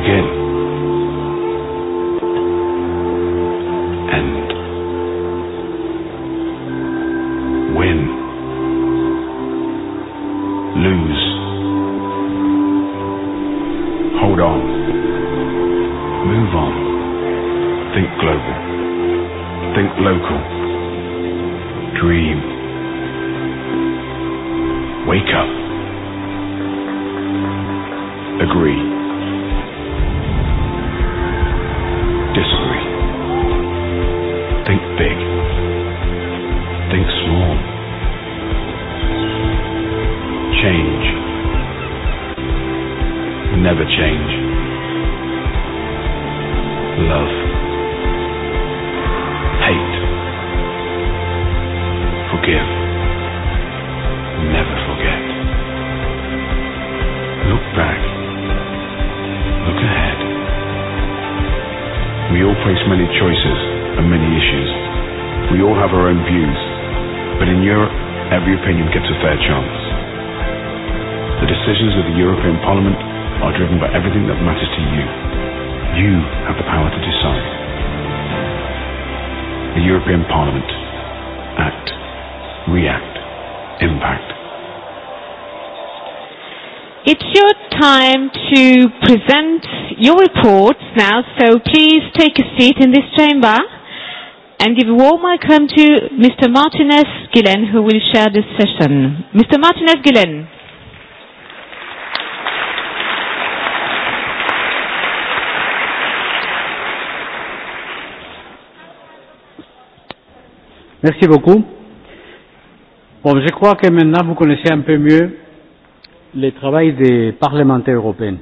begin. to present your reports now, so please take a seat in this chamber and give a warm welcome to Mr. Martinez Gillen, who will share this session. Mr. Martinez Gillen. Merci beaucoup. Bon, je crois que maintenant vous connaissez un peu mieux le travail des parlementaires européens.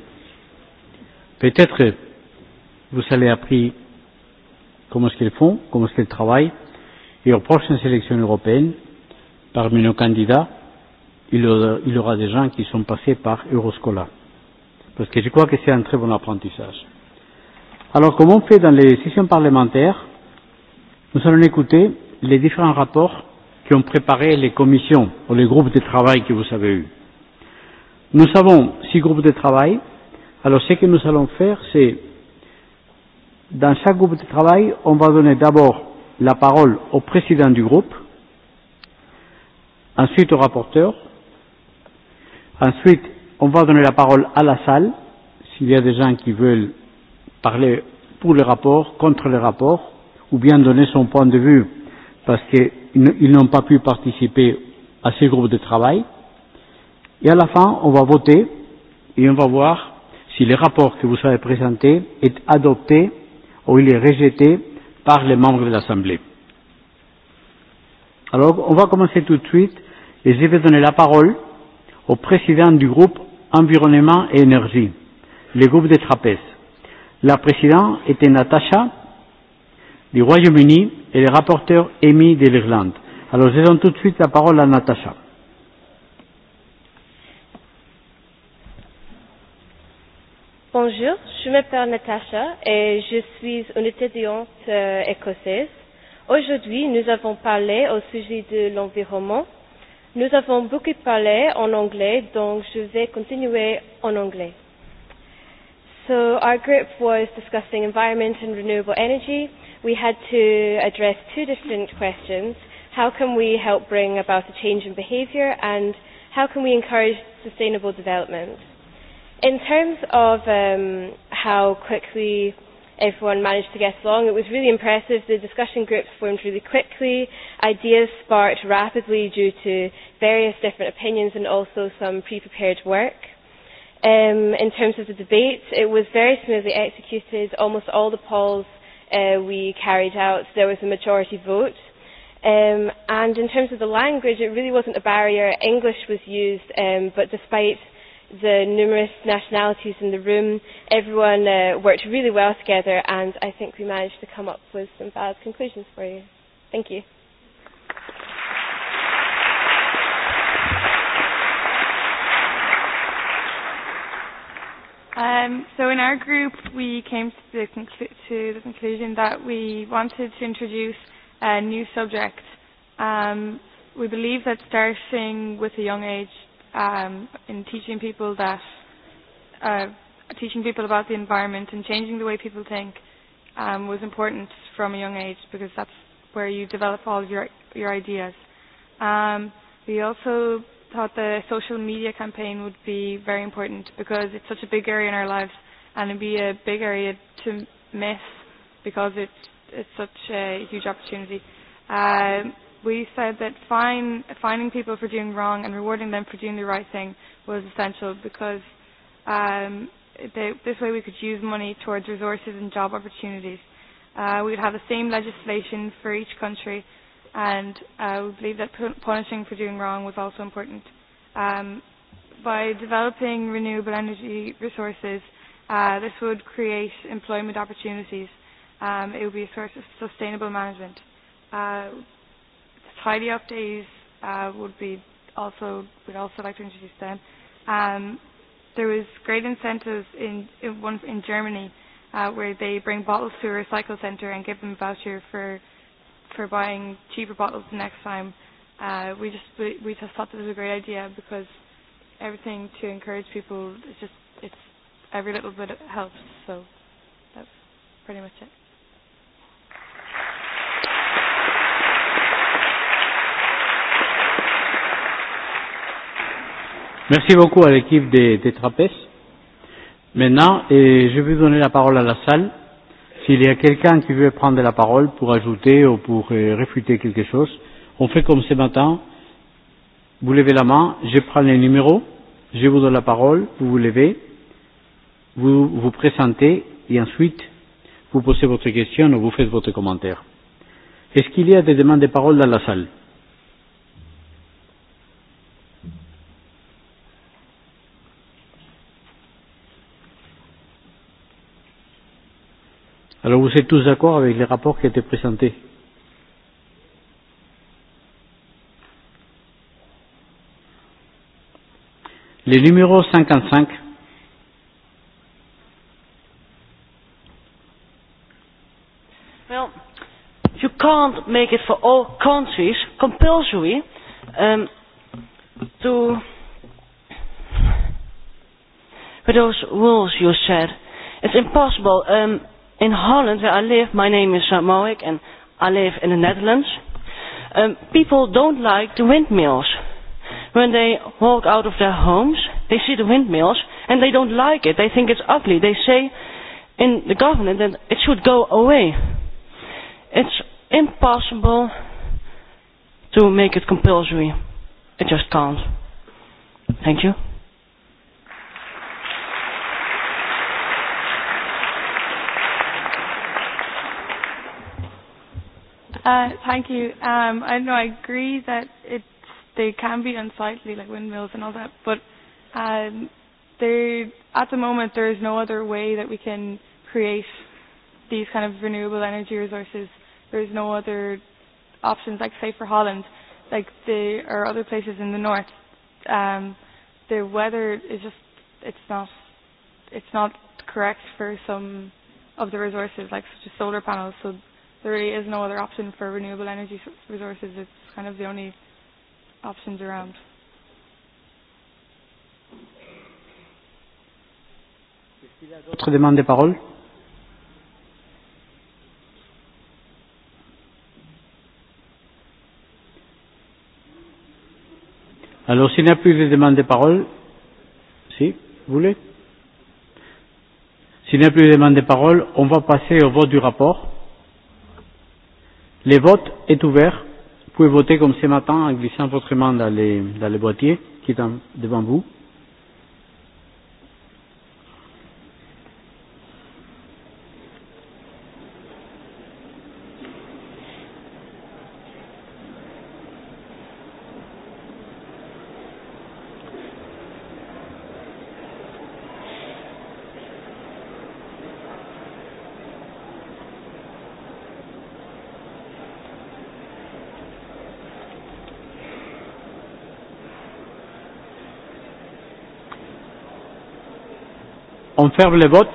Peut-être vous allez appris comment ce qu'ils font, comment ce qu'ils travaillent, et aux prochaines élections européennes, parmi nos candidats, il y aura, il y aura des gens qui sont passés par Euroscola. Parce que je crois que c'est un très bon apprentissage. Alors, comment on fait dans les sessions parlementaires, nous allons écouter les différents rapports qui ont préparé les commissions ou les groupes de travail que vous avez eus. Nous avons six groupes de travail. Alors ce que nous allons faire, c'est dans chaque groupe de travail, on va donner d'abord la parole au président du groupe, ensuite au rapporteur, ensuite on va donner la parole à la salle, s'il y a des gens qui veulent parler pour le rapport, contre le rapport, ou bien donner son point de vue parce qu'ils n'ont pas pu participer à ces groupes de travail. Et à la fin, on va voter et on va voir si le rapport que vous avez présenté est adopté ou il est rejeté par les membres de l'Assemblée. Alors, on va commencer tout de suite et je vais donner la parole au président du groupe Environnement et Énergie, le groupe des trapèzes. La présidente était Natacha du Royaume-Uni et le rapporteur Amy de l'Irlande. Alors, je donne tout de suite la parole à Natacha. Bonjour, je m'appelle Natasha et je suis une étudiante écossaise. Aujourd'hui, nous avons parlé au sujet de l'environnement. Nous avons beaucoup parlé en anglais, donc je vais continuer en anglais. So our group was discussing environment and renewable energy. We had to address two different questions. How can we help bring about a change in behavior and how can we encourage sustainable development? In terms of um, how quickly everyone managed to get along, it was really impressive. The discussion groups formed really quickly. Ideas sparked rapidly due to various different opinions and also some pre-prepared work. Um, in terms of the debate, it was very smoothly executed. Almost all the polls uh, we carried out, there was a majority vote. Um, and in terms of the language, it really wasn't a barrier. English was used, um, but despite the numerous nationalities in the room. Everyone worked really well together and I think we managed to come up with some valid conclusions for you. Thank you. Um, so in our group, we came to the, to the conclusion that we wanted to introduce a new subject. Um, we believe that starting with a young age um, in teaching people that uh, teaching people about the environment and changing the way people think um, was important from a young age because that's where you develop all of your your ideas. Um, we also thought the social media campaign would be very important because it's such a big area in our lives and it'd be a big area to miss because it, it's such a huge opportunity. Um, we said that fine, finding people for doing wrong and rewarding them for doing the right thing was essential because um, they, this way we could use money towards resources and job opportunities. Uh, we would have the same legislation for each country and uh, we believe that punishing for doing wrong was also important. Um, by developing renewable energy resources, uh, this would create employment opportunities. Um, it would be a source of sustainable management. Uh, Friday updates uh, would be also we'd also like to introduce them. Um, there was great incentives in, in one in Germany uh, where they bring bottles to a recycle centre and give them a voucher for for buying cheaper bottles the next time. Uh, we just we, we just thought this was a great idea because everything to encourage people is just it's every little bit helps. So that's pretty much it. Merci beaucoup à l'équipe des, des Maintenant, et je vais donner la parole à la salle. S'il y a quelqu'un qui veut prendre la parole pour ajouter ou pour réfuter quelque chose, on fait comme ce matin. Vous levez la main, je prends les numéros, je vous donne la parole, vous vous levez, vous vous présentez et ensuite vous posez votre question ou vous faites votre commentaire. Est-ce qu'il y a des demandes de parole dans la salle? Alors vous êtes tous d'accord avec les rapports qui étaient présentés Les numéros 55 Well, you can't make it for all countries compulsory um, to for those rules you said. It's impossible. Um, In Holland, where I live, my name is Moek and I live in the Netherlands. Um, people don't like the windmills. When they walk out of their homes, they see the windmills and they don't like it. They think it's ugly. They say in the government that it should go away. It's impossible to make it compulsory. It just can't. Thank you. Uh, thank you. Um, I know I agree that it they can be unsightly, like windmills and all that, but um, there at the moment there is no other way that we can create these kind of renewable energy resources. There is no other options, like say for Holland, like there are other places in the north. Um, the weather is just it's not it's not correct for some of the resources, like such as solar panels. So there really is no other option for renewable energy resources. It's kind of the only options around. Alors, s'il n'y a plus de demandes de parole, si, vous voulez S'il n'y a plus de demandes de parole, on va passer au vote du rapport. Le vote est ouvert. Vous pouvez voter comme ce matin en glissant votre main dans les, dans les boîtiers qui sont devant vous. On ferme le vote.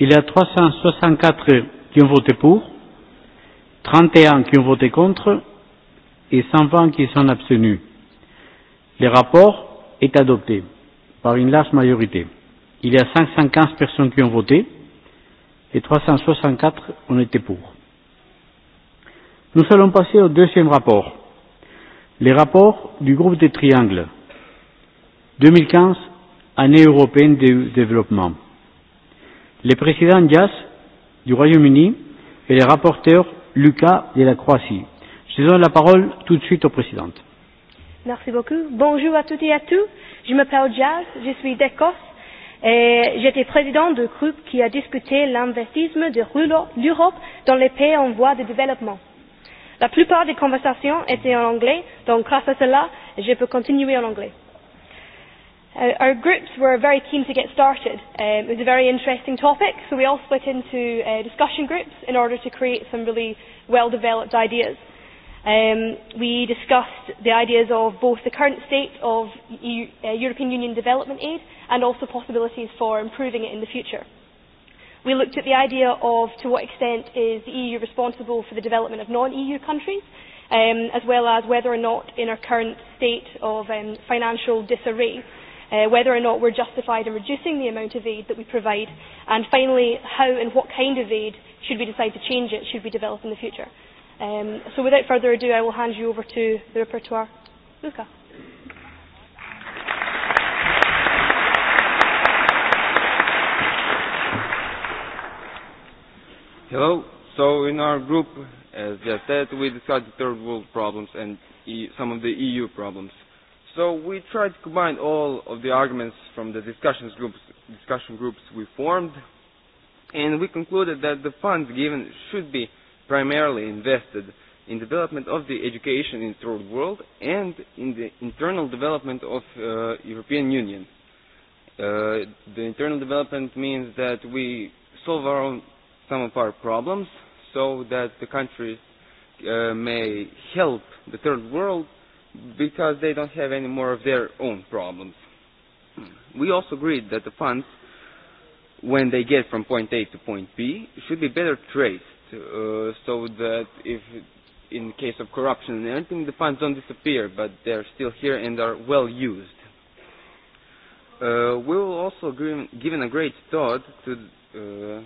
Il y a 364 qui ont voté pour, 31 qui ont voté contre et 120 qui sont abstenus. Le rapport est adopté par une large majorité. Il y a 515 personnes qui ont voté et 364 ont été pour. Nous allons passer au deuxième rapport Les rapports du groupe des triangles 2015, année européenne de développement. Le président Dias du Royaume-Uni et le rapporteur Lucas de la Croatie. Je donne la parole tout de suite au président. Merci beaucoup. Bonjour à toutes et à tous. Je m'appelle Jazz, je suis d'Écosse et j'étais président du groupe qui a discuté l'investissement de l'Europe dans les pays en voie de développement. La plupart des conversations étaient en anglais, donc grâce à cela, je peux continuer en anglais. Our groups were very keen to get started. It was a very interesting topic, so we all split into discussion groups in order to create some really well-developed ideas. We discussed the ideas of both the current state of European Union development aid and also possibilities for improving it in the future. We looked at the idea of to what extent is the EU responsible for the development of non-EU countries, as well as whether or not in our current state of financial disarray, whether or not we're justified in reducing the amount of aid that we provide, and finally, how and what kind of aid should we decide to change it, should we develop in the future. So without further ado, I will hand you over to the repertoire. Luca. Hello. So in our group, as just said, we discussed the third world problems and some of the EU problems. So we tried to combine all of the arguments from the discussions groups, discussion groups we formed, and we concluded that the funds given should be primarily invested in development of the education in the third world and in the internal development of uh, European Union. the internal development means that we solve our own some of our problems so that the countries may help the third world because they don't have any more of their own problems. We also agreed that the funds, when they get from point A to point B, should be better traced so that if in case of corruption and anything, the funds don't disappear, but they're still here and are well used. Uh, we will also give, given a great thought to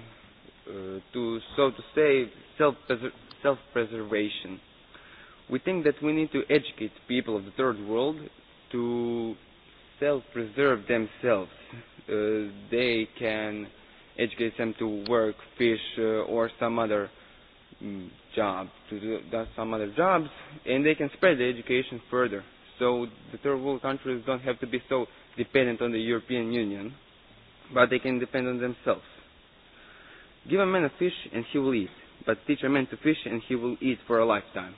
to, so to say, self-preservation. self We think that we need to educate people of the third world to self-preserve themselves. They can educate them to work, fish, or some other job, to do some other jobs, and they can spread the education further. So the third world countries don't have to be so dependent on the European Union, but they can depend on themselves. Give a man a fish and he will eat, but teach a man to fish and he will eat for a lifetime.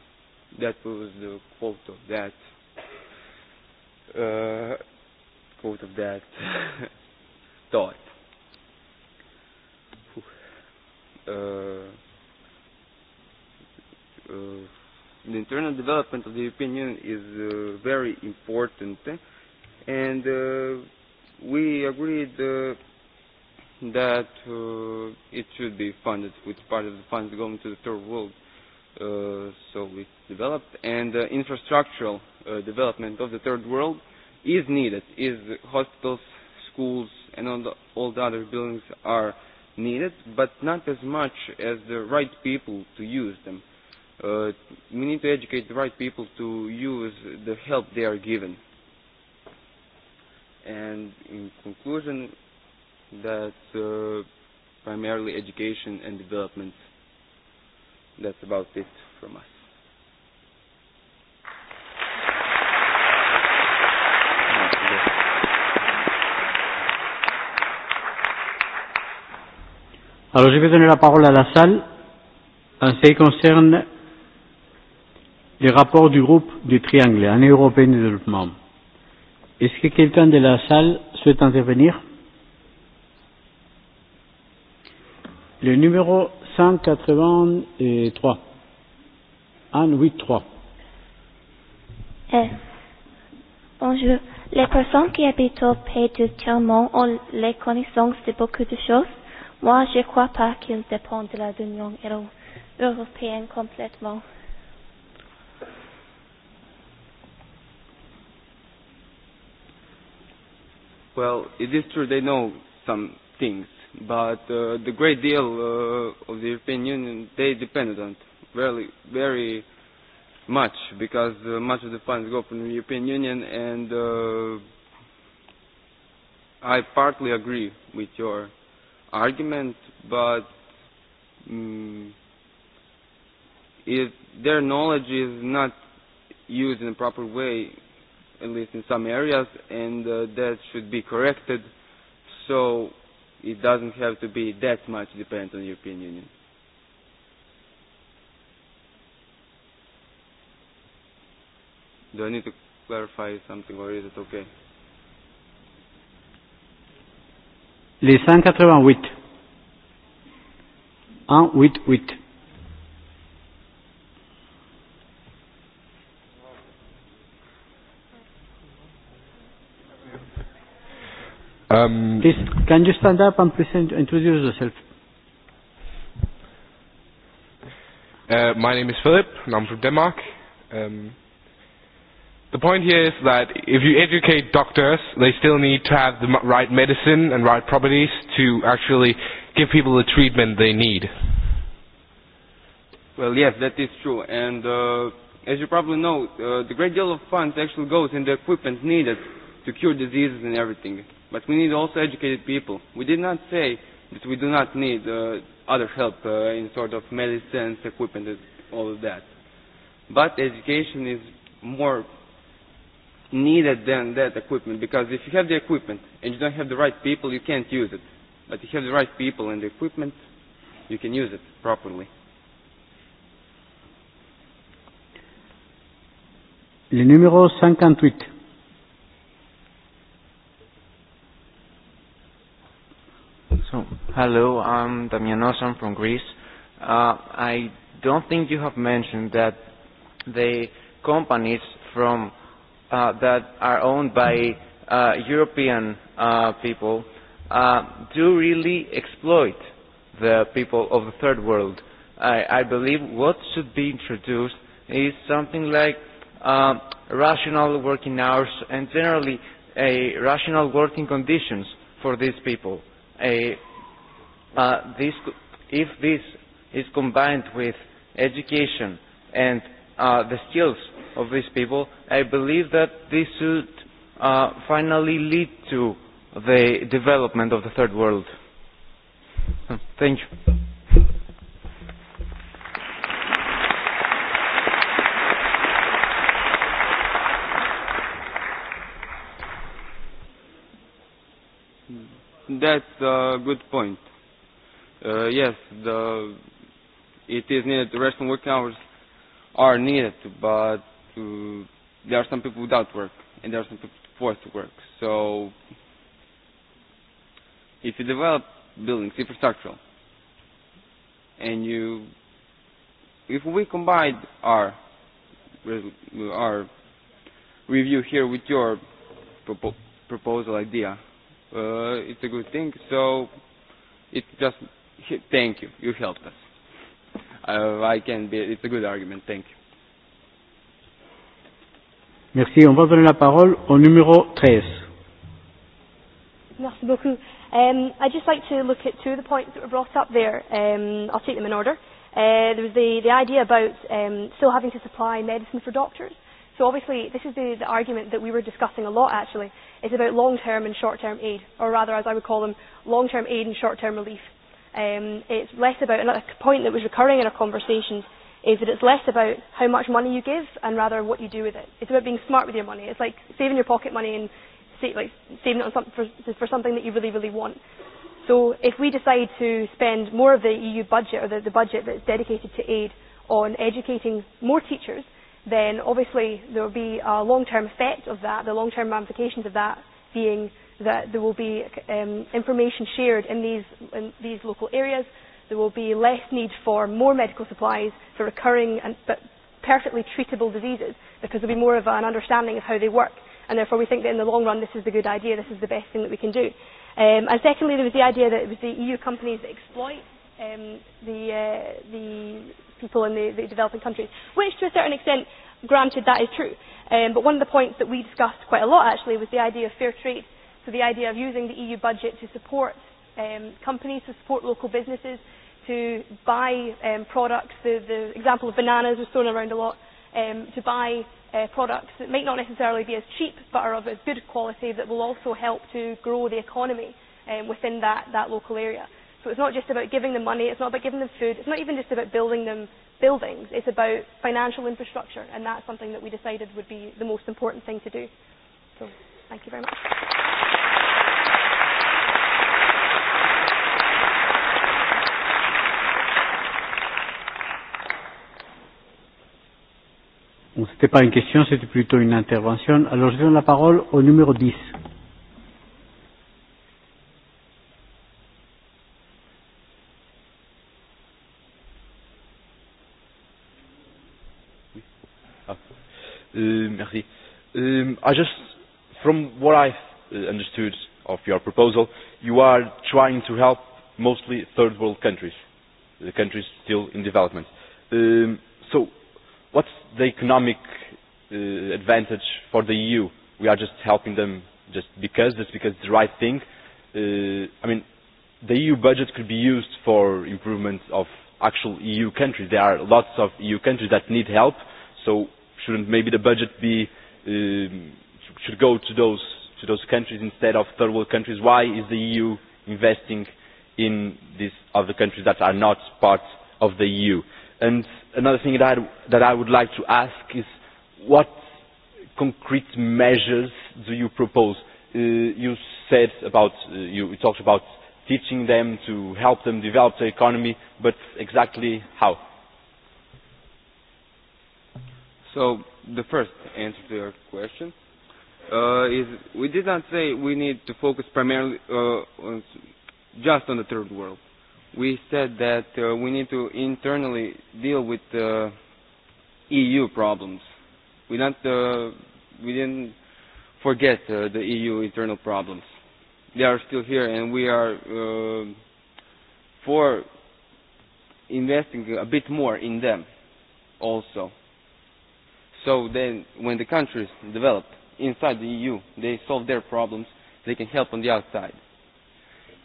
That was the quote of that. Uh, quote of that thought. Uh, uh, the internal development of the European Union is uh, very important, and uh, we agreed. Uh, that uh, it should be funded with part of the funds going to the third world. Uh, so it's developed and the infrastructural uh, development of the third world is needed. Is hospitals, schools and all the, all the other buildings are needed, but not as much as the right people to use them. Uh, we need to educate the right people to use the help they are given. And in conclusion, that's primarily education and development. That's about it from us. Alors je vais donner la parole à la salle en ce qui concerne les rapports du groupe du Triangle, l'Union Européen de développement. Est-ce que quelqu'un de la salle souhaite intervenir Le numéro 183. 183. Eh, bonjour. Les personnes qui habitent au pays du tiers ont les connaissances de beaucoup de choses. Moi, je ne crois pas qu'ils dépendent de la Union européenne complètement. Well, it is true they know some things but uh, the great deal uh, of the European Union they depended on very very much because uh, much of the funds go from the European Union and uh, I partly agree with your argument but um, if their knowledge is not used in a proper way at least in some areas and uh, that should be corrected so it doesn't have to be that much dependent on the European Union. Do I need to clarify something or is it okay? Les 188. 8. Um, please, can you stand up and please introduce yourself? Uh, my name is Philip, and I'm from Denmark. Um, the point here is that if you educate doctors, they still need to have the right medicine and right properties to actually give people the treatment they need. Well, yes, that is true. And uh, as you probably know, uh, the great deal of funds actually goes in the equipment needed to cure diseases and everything. But we need also educated people. We did not say that we do not need other help in sort of medicines, equipment, and all of that. But education is more needed than that equipment because if you have the equipment and you don't have the right people, you can't use it. But if you have the right people and the equipment, you can use it properly. Le numéro 58. So, hello, I'm Damianos, I'm from Greece. Uh, I don't think you have mentioned that the companies from uh, that are owned by uh, European uh, people uh, do really exploit the people of the third world. I, I believe what should be introduced is something like uh, rational working hours and generally a rational working conditions for these people A uh this if this is combined with education and uh the skills of these people, I believe that this should uh finally lead to the development of the third world. Thank you. That's a good point. Uh, yes, the it is needed. The Rest of working hours are needed, but there are some people without work and there are some people forced to work. So if you develop buildings, infrastructure, and you, if we combine our our review here with your propo proposal idea, uh, it's a good thing. So it just thank you. You helped us. Uh, I can be, it's a good argument. Thank you. Merci. On va donner la parole au numéro 13. Merci beaucoup. Um, I'd just like to look at two of the points that were brought up there. Um, I'll take them in order. Uh, there was the, the idea about um, still having to supply medicine for doctors. So obviously this is the, the argument that we were discussing a lot actually is about long-term and short-term aid, or rather, as I would call them, long-term aid and short-term relief. Um, it's less about, another point that was recurring in our conversations, is that it's less about how much money you give and rather what you do with it. It's about being smart with your money. It's like saving your pocket money and save, like, saving it on some, for, for something that you really, really want. So if we decide to spend more of the EU budget or the, the budget that's dedicated to aid on educating more teachers, then obviously there will be a long-term effect of that, the long-term ramifications of that being that there will be um, information shared in these, in these local areas. There will be less need for more medical supplies for recurring and, but perfectly treatable diseases because there will be more of an understanding of how they work. And therefore we think that in the long run this is the good idea, this is the best thing that we can do. Um, and secondly there was the idea that it was the EU companies that exploit um, the, uh, the people in the, the developing countries, which to a certain extent, granted, that is true. Um, but one of the points that we discussed quite a lot, actually, was the idea of fair trade. So the idea of using the EU budget to support um, companies, to support local businesses, to buy um, products. The, the example of bananas was thrown around a lot. Um, to buy uh, products that might not necessarily be as cheap but are of as good quality that will also help to grow the economy um, within that, that local area. So it's not just about giving them money, it's not about giving them food, it's not even just about building them buildings, it's about financial infrastructure, and that's something that we decided would be the most important thing to do. So thank you very much. Ce n'était pas une question, c'était plutôt une intervention. Alors je donne la parole au numéro 10. merci. Um I just, from what I understood of your proposal, you are trying to help mostly third world countries, the countries still in development. Um So, what's the economic advantage for the EU? We are just helping them just because, just because it's the right thing. Uh I mean, the EU budget could be used for improvement of actual EU countries. There are lots of EU countries that need help, so shouldn't maybe the budget be should go to those to those countries instead of third world countries? Why is the EU investing in these other countries that are not part of the EU? And another thing that I, that I would like to ask is what concrete measures do you propose? you said about, you talked about teaching them to help them develop the economy, but exactly how? So the first answer to your question uh, is we did not say we need to focus primarily uh, on, just on the third world. We said that uh, we need to internally deal with uh, EU problems. We not uh, we didn't forget uh, the EU internal problems. They are still here, and we are uh, for investing a bit more in them also. So then, when the countries develop inside the EU, they solve their problems, they can help on the outside.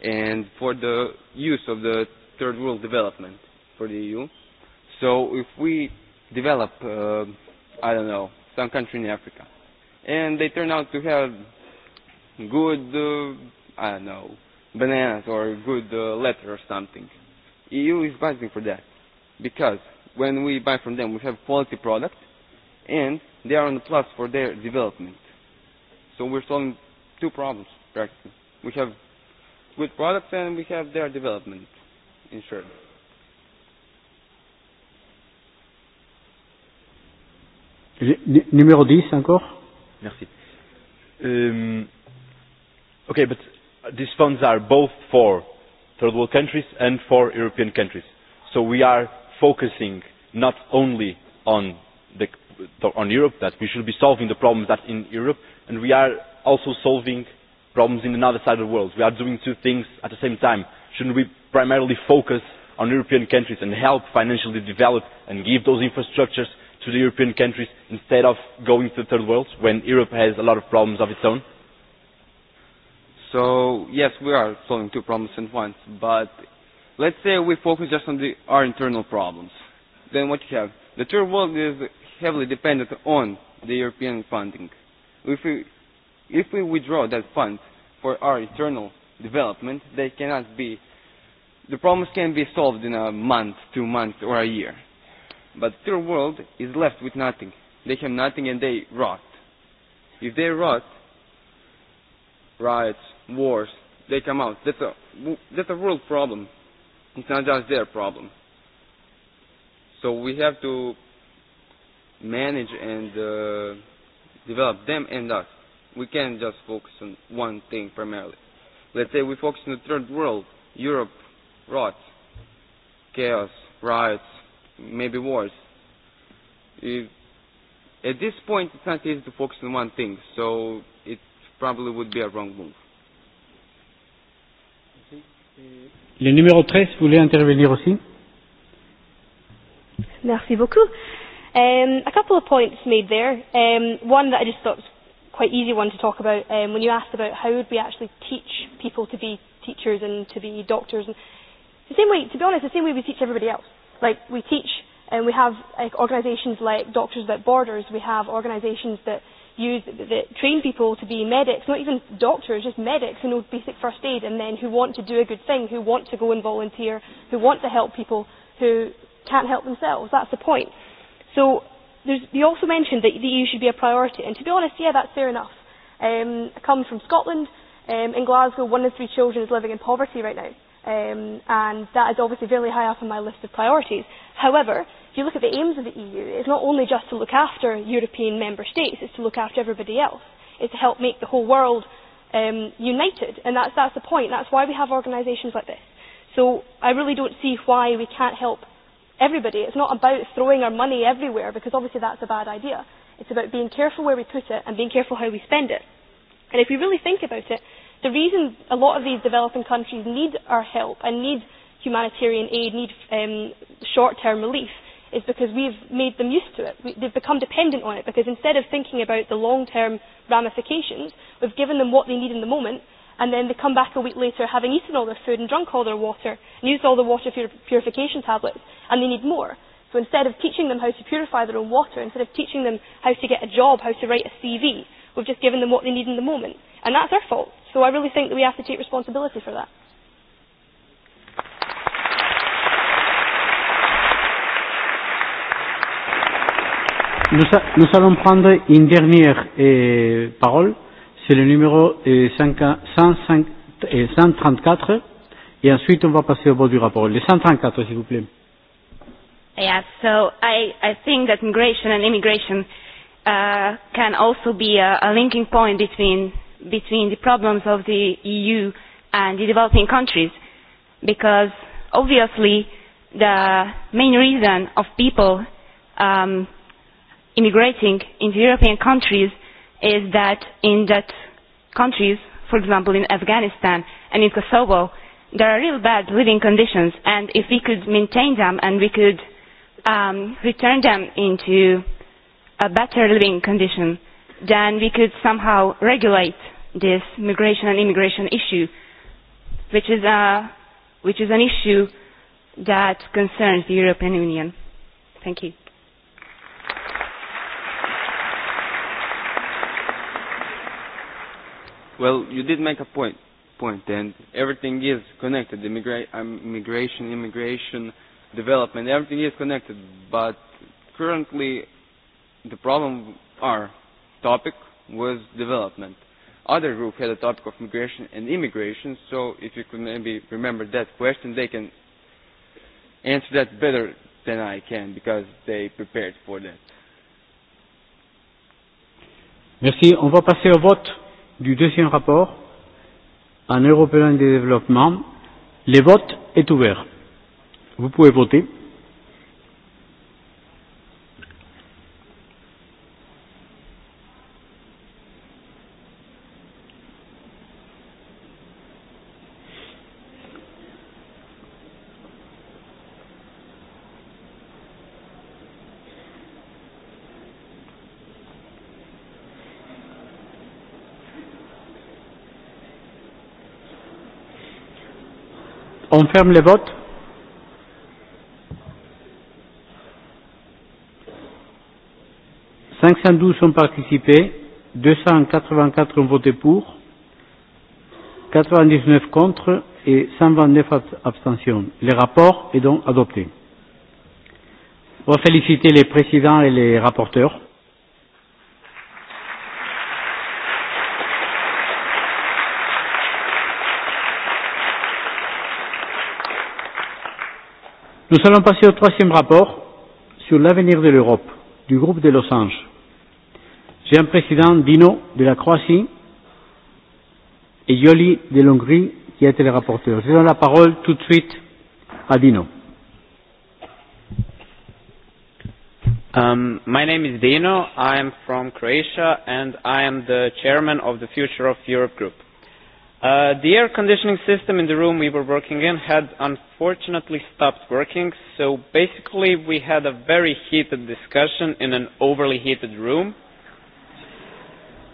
And for the use of the third world development for the EU, so if we develop, I don't know, some country in Africa, and they turn out to have good, uh, I don't know, bananas or good uh, letter or something, EU is fighting for that. Because when we buy from them, we have quality products, and they are on the plus for their development. So we're solving two problems practically. We have good products and we have their development insured. Numéro 10 encore. Merci. Um, okay, but these funds are both for third world countries and for European countries. So we are focusing not only on the on Europe, that we should be solving the problems that in Europe, and we are also solving problems in another side of the world. We are doing two things at the same time. Shouldn't we primarily focus on European countries and help financially develop and give those infrastructures to the European countries instead of going to the third world when Europe has a lot of problems of its own? So, yes, we are solving two problems at once, but let's say we focus just on the, our internal problems. Then what you have? The third world is heavily dependent on the European funding. If we, if we withdraw that fund for our internal development, they cannot be, the problems can be solved in a month, two months, or a year. But the third world is left with nothing. They have nothing and they rot. If they rot, riots, wars, they come out. That's a, that's a world problem. It's not just their problem. So we have to manage and uh develop them and us. We can't just focus on one thing primarily. Let's say we focus on the third world, Europe, rot, chaos, riots, maybe wars. At this point, it's not easy to focus on one thing, so it probably would be a wrong move. Le numéro 13 voulait intervenir aussi. Merci beaucoup. Um, a couple of points made there. Um, one that I just thought was quite easy one to talk about um, when you asked about how would we actually teach people to be teachers and to be doctors. And the same way, to be honest, the same way we teach everybody else. Like we teach and we have like, organisations like Doctors Without Borders. We have organisations that use that train people to be medics, not even doctors, just medics who know basic first aid and then who want to do a good thing, who want to go and volunteer, who want to help people who can't help themselves. That's the point. So there's, you also mentioned that the EU should be a priority, and to be honest, yeah, that's fair enough. Um, I come from Scotland. Um, in Glasgow, one in three children is living in poverty right now, um, and that is obviously very high up on my list of priorities. However, if you look at the aims of the EU, it's not only just to look after European member states, it's to look after everybody else. It's to help make the whole world um, united, and that's, that's the point. That's why we have organisations like this. So I really don't see why we can't help everybody. It's not about throwing our money everywhere because obviously that's a bad idea. It's about being careful where we put it and being careful how we spend it. And if you really think about it, the reason a lot of these developing countries need our help and need humanitarian aid, need um, short-term relief, is because we've made them used to it. We, they've become dependent on it because instead of thinking about the long-term ramifications, we've given them what they need in the moment and then they come back a week later having eaten all their food and drunk all their water and used all the water purification tablets and they need more. So instead of teaching them how to purify their own water, instead of teaching them how to get a job, how to write a CV, we've just given them what they need in the moment. And that's our fault. So I really think that we have to take responsibility for that. Nous, allons prendre une dernière parole c'est le numéro 134. Et ensuite, on va passer au bord du rapport. Le 134, s'il vous plaît. Yeah, so I, I think that migration and immigration uh, can also be a, a linking point between, between the problems of the EU and the developing countries because obviously the main reason of people um, immigrating into European countries is that in that countries, for example in Afghanistan and in Kosovo, there are real bad living conditions and if we could maintain them and we could um, return them into a better living condition, then we could somehow regulate this migration and immigration issue, which is, a, which is an issue that concerns the European Union. Thank you. Well, you did make a point, point, and everything is connected. Immigra- immigration, immigration, development, everything is connected. But currently, the problem, our topic, was development. Other group had a topic of migration and immigration, so if you could maybe remember that question, they can answer that better than I can because they prepared for that. Merci. On va passer au vote du deuxième rapport, un européen de développement, le vote est ouvert. Vous pouvez voter. On ferme les votes Cinq cent douze ont participé, deux cent quatre-vingt-quatre ont voté pour, quatre-vingt-dix-neuf contre et cent vingt-neuf abstentions. Le rapport est donc adopté. On va féliciter les présidents et les rapporteurs. Nous allons passer au troisième rapport sur l'avenir de l'Europe, du groupe de Los Angeles. J'ai un président, Dino, de la Croatie, et Yoli de l'Hongrie, qui été le rapporteur. Je donne la parole tout de suite à Dino. Um, my name is Dino, I am from Croatia, and I am the chairman of the Future of Europe group. The air conditioning system in the room we were working in had unfortunately stopped working, so basically we had a very heated discussion in an overly heated room.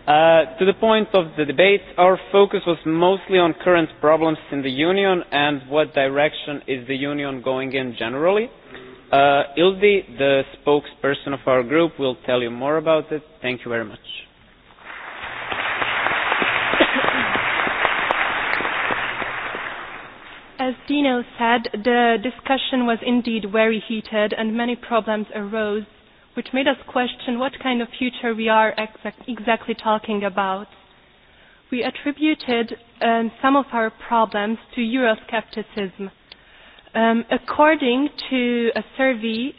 To the point of the debate, our focus was mostly on current problems in the Union and what direction is the Union going in generally. Ildi, the spokesperson of our group, will tell you more about it. Thank you very much. As Dino said, the discussion was indeed very heated and many problems arose, which made us question what kind of future we are exactly talking about. We attributed some of our problems to Euroscepticism. According to a survey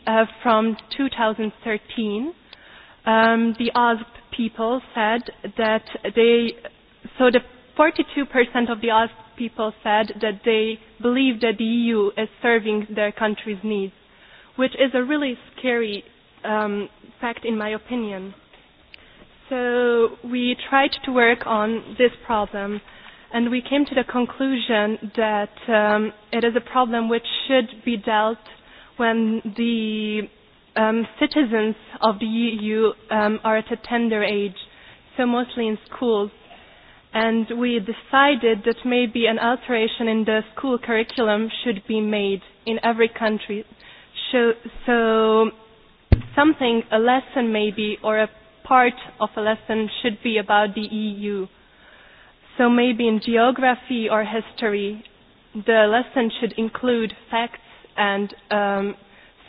from 2013, the OSP people said that they, so the 42% of the OSP people said that they believe that the EU is serving their country's needs, which is a really scary um, fact in my opinion. So we tried to work on this problem and we came to the conclusion that um, it is a problem which should be dealt when the um, citizens of the EU um, are at a tender age, so mostly in schools and we decided that maybe an alteration in the school curriculum should be made in every country. So something, a lesson maybe, or a part of a lesson should be about the EU. So maybe in geography or history, the lesson should include facts and um,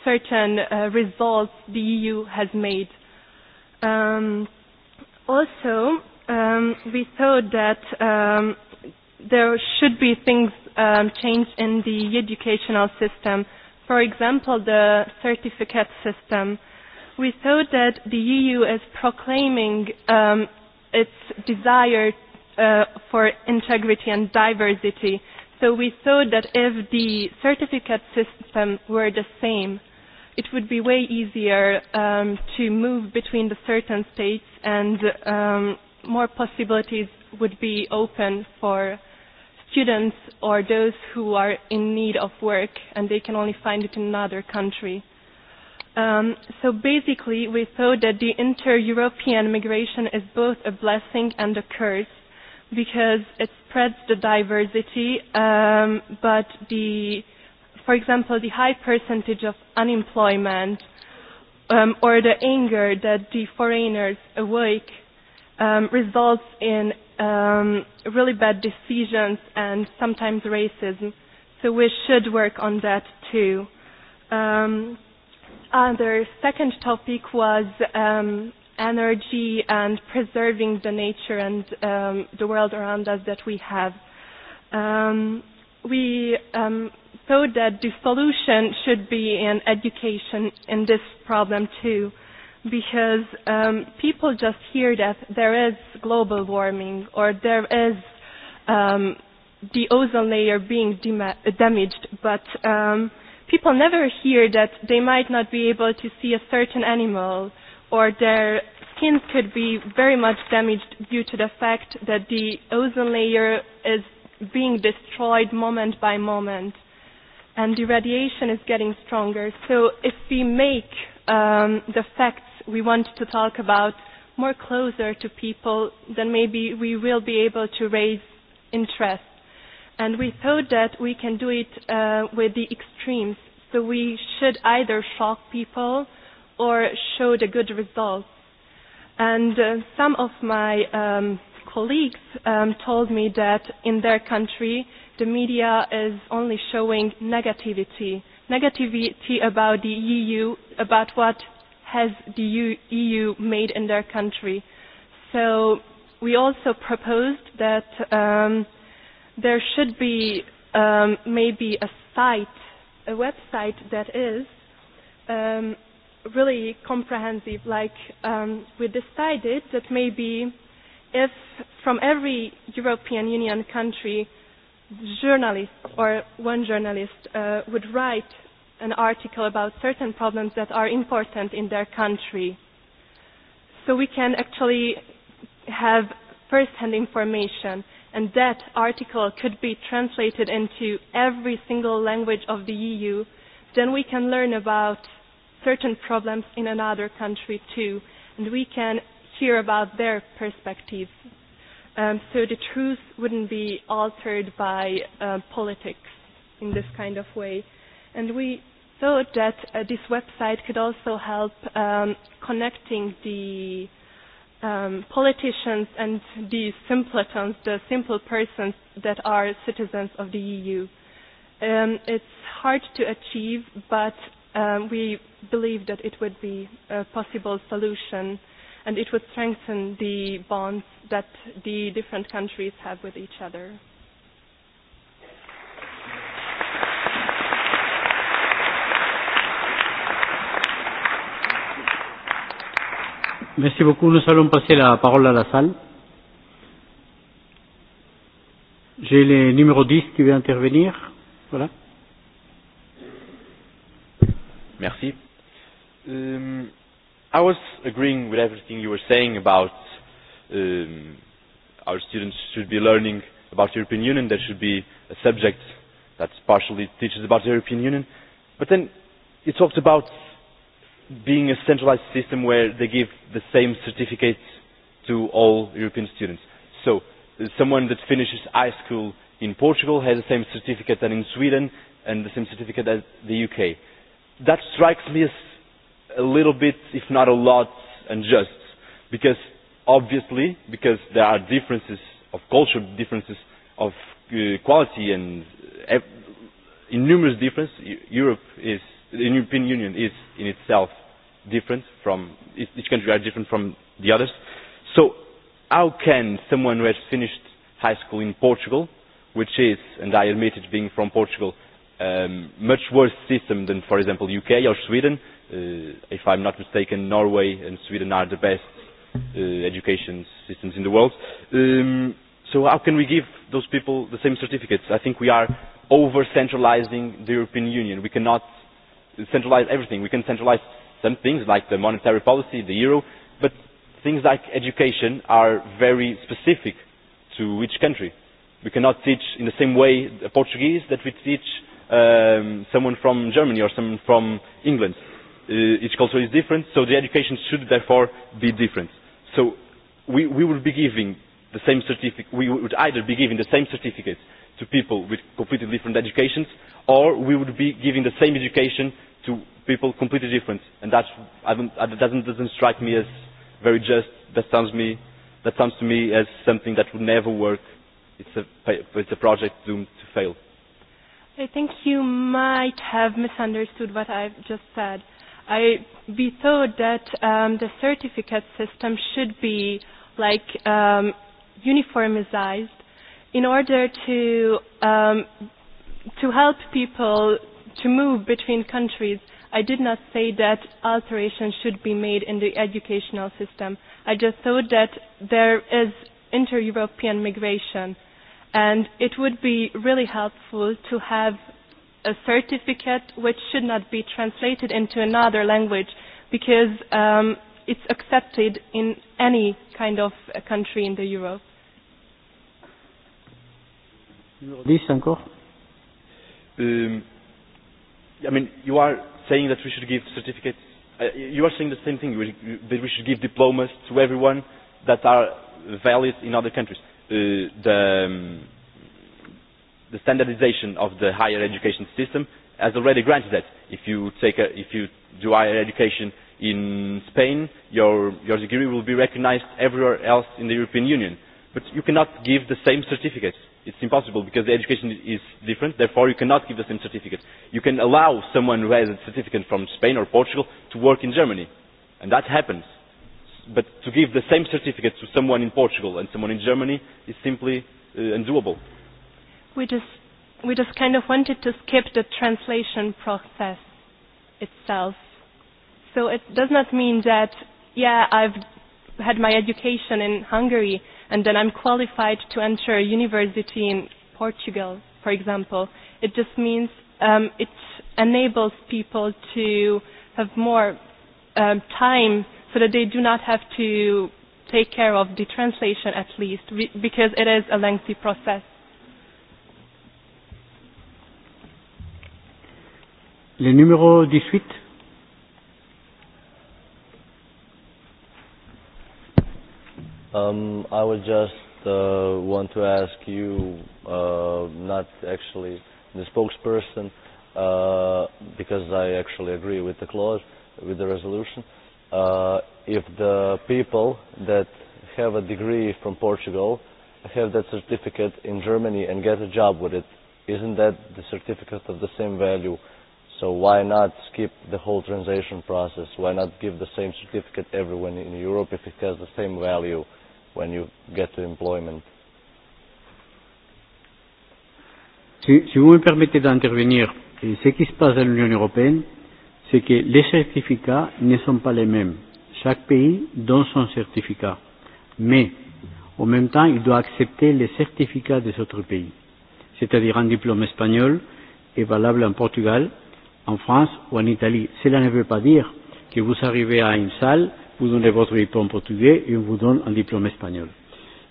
certain results the EU has made. Um, also, um, we thought that um, there should be things um, changed in the educational system. For example, the certificate system. We thought that the EU is proclaiming um, its desire uh, for integrity and diversity. So we thought that if the certificate system were the same, it would be way easier um, to move between the certain states and um, more possibilities would be open for students or those who are in need of work and they can only find it in another country. Um, so basically, we thought that the inter-European migration is both a blessing and a curse because it spreads the diversity, um, but the, for example, the high percentage of unemployment um, or the anger that the foreigners awake um, results in um, really bad decisions and sometimes racism. So we should work on that too. Um, other second topic was um, energy and preserving the nature and um, the world around us that we have. Um, we um, thought that the solution should be in education in this problem too because um, people just hear that there is global warming or there is um, the ozone layer being damaged, but um, people never hear that they might not be able to see a certain animal or their skins could be very much damaged due to the fact that the ozone layer is being destroyed moment by moment and the radiation is getting stronger. So if we make um, the facts we want to talk about more closer to people, then maybe we will be able to raise interest. And we thought that we can do it with the extremes. So we should either shock people or show the good results. And some of my colleagues told me that in their country the media is only showing negativity. Negativity about the EU, about what has the EU made in their country. So we also proposed that um, there should be um, maybe a site, a website that is um, really comprehensive. Like um, we decided that maybe if from every European Union country journalist or one journalist would write an article about certain problems that are important in their country. So we can actually have first-hand information and that article could be translated into every single language of the EU, then we can learn about certain problems in another country too, and we can hear about their perspectives. Um, so the truth wouldn't be altered by politics in this kind of way. And we so that this website could also help connecting the politicians and the simpletons, the simple persons that are citizens of the EU. It's hard to achieve, but we believe that it would be a possible solution and it would strengthen the bonds that the different countries have with each other. Merci beaucoup. Nous allons passer la parole à la salle. J'ai le numéro 10 qui veut intervenir. Voilà. Merci. Um, I was agreeing with everything you were saying about um, our students should be learning about the European Union. There should be a subject that partially teaches about the European Union. But then you talked about being a centralized system where they give the same certificates to all European students. So someone that finishes high school in Portugal has the same certificate than in Sweden and the same certificate as the UK. That strikes me as a little bit, if not a lot, unjust. Because obviously, because there are differences of culture, differences of quality and in numerous differences, Europe is, the European Union is in itself different from each country are different from the others. So how can someone who has finished high school in Portugal, which is, and I admit it being from Portugal, um, much worse system than, for example, UK or Sweden. if I'm not mistaken, Norway and Sweden are the best education systems in the world. Um, so how can we give those people the same certificates? I think we are over-centralizing the European Union. We cannot centralize everything. We can centralize some things like the monetary policy, the euro, but things like education are very specific to each country. We cannot teach in the same way the Portuguese that we teach um, someone from Germany or someone from England. each culture is different, so the education should therefore be different. So we, we would be giving the same certificate, we would either be giving the same certificates to people with completely different educations, or we would be giving the same education to people completely different, and that's I don't, that doesn't doesn't strike me as very just. That sounds me that sounds to me as something that would never work. It's a it's a project doomed to fail. I think you might have misunderstood what I've just said. I we thought that um, the certificate system should be like um, uniformized in order to um, to help people to move between countries, I did not say that alterations should be made in the educational system. I just thought that there is inter-European migration and it would be really helpful to have a certificate which should not be translated into another language because um, it's accepted in any kind of country in the Europe. Numéro I mean, you are saying that we should give certificates. You are saying the same thing that we should give diplomas to everyone that are valid in other countries. The the standardization of the higher education system has already granted that. If you take if you do higher education in Spain, your your degree will be recognized everywhere else in the European Union but you cannot give the same certificate. It's impossible because the education is different, therefore you cannot give the same certificate. You can allow someone who has a certificate from Spain or Portugal to work in Germany, and that happens. But to give the same certificate to someone in Portugal and someone in Germany is simply undoable. We just, we just kind of wanted to skip the translation process itself. So it does not mean that, yeah, I've had my education in Hungary, and then I'm qualified to enter a university in Portugal, for example. It just means um, it enables people to have more um, time so that they do not have to take care of the translation at least because it is a lengthy process. Le numéro 18. Um, I would just uh, want to ask you, uh, not actually the spokesperson, uh, because I actually agree with the clause, with the resolution, uh, if the people that have a degree from Portugal have that certificate in Germany and get a job with it, isn't that the certificate of the same value? So why not skip the whole translation process? Why not give the same certificate everyone in Europe if it has the same value? when you get to employment. Si, si vous me permettez d'intervenir, ce qui se passe dans l'Union européenne, c'est que les certificats ne sont pas les mêmes. Chaque pays donne son certificat. Mais, en même temps, il doit accepter les certificats des autres pays. C'est-à-dire un diplôme espagnol est valable en Portugal, en France ou en Italie. Cela ne veut pas dire que vous arrivez à une salle vous donnez votre diplôme portugais et on vous donne un diplôme espagnol.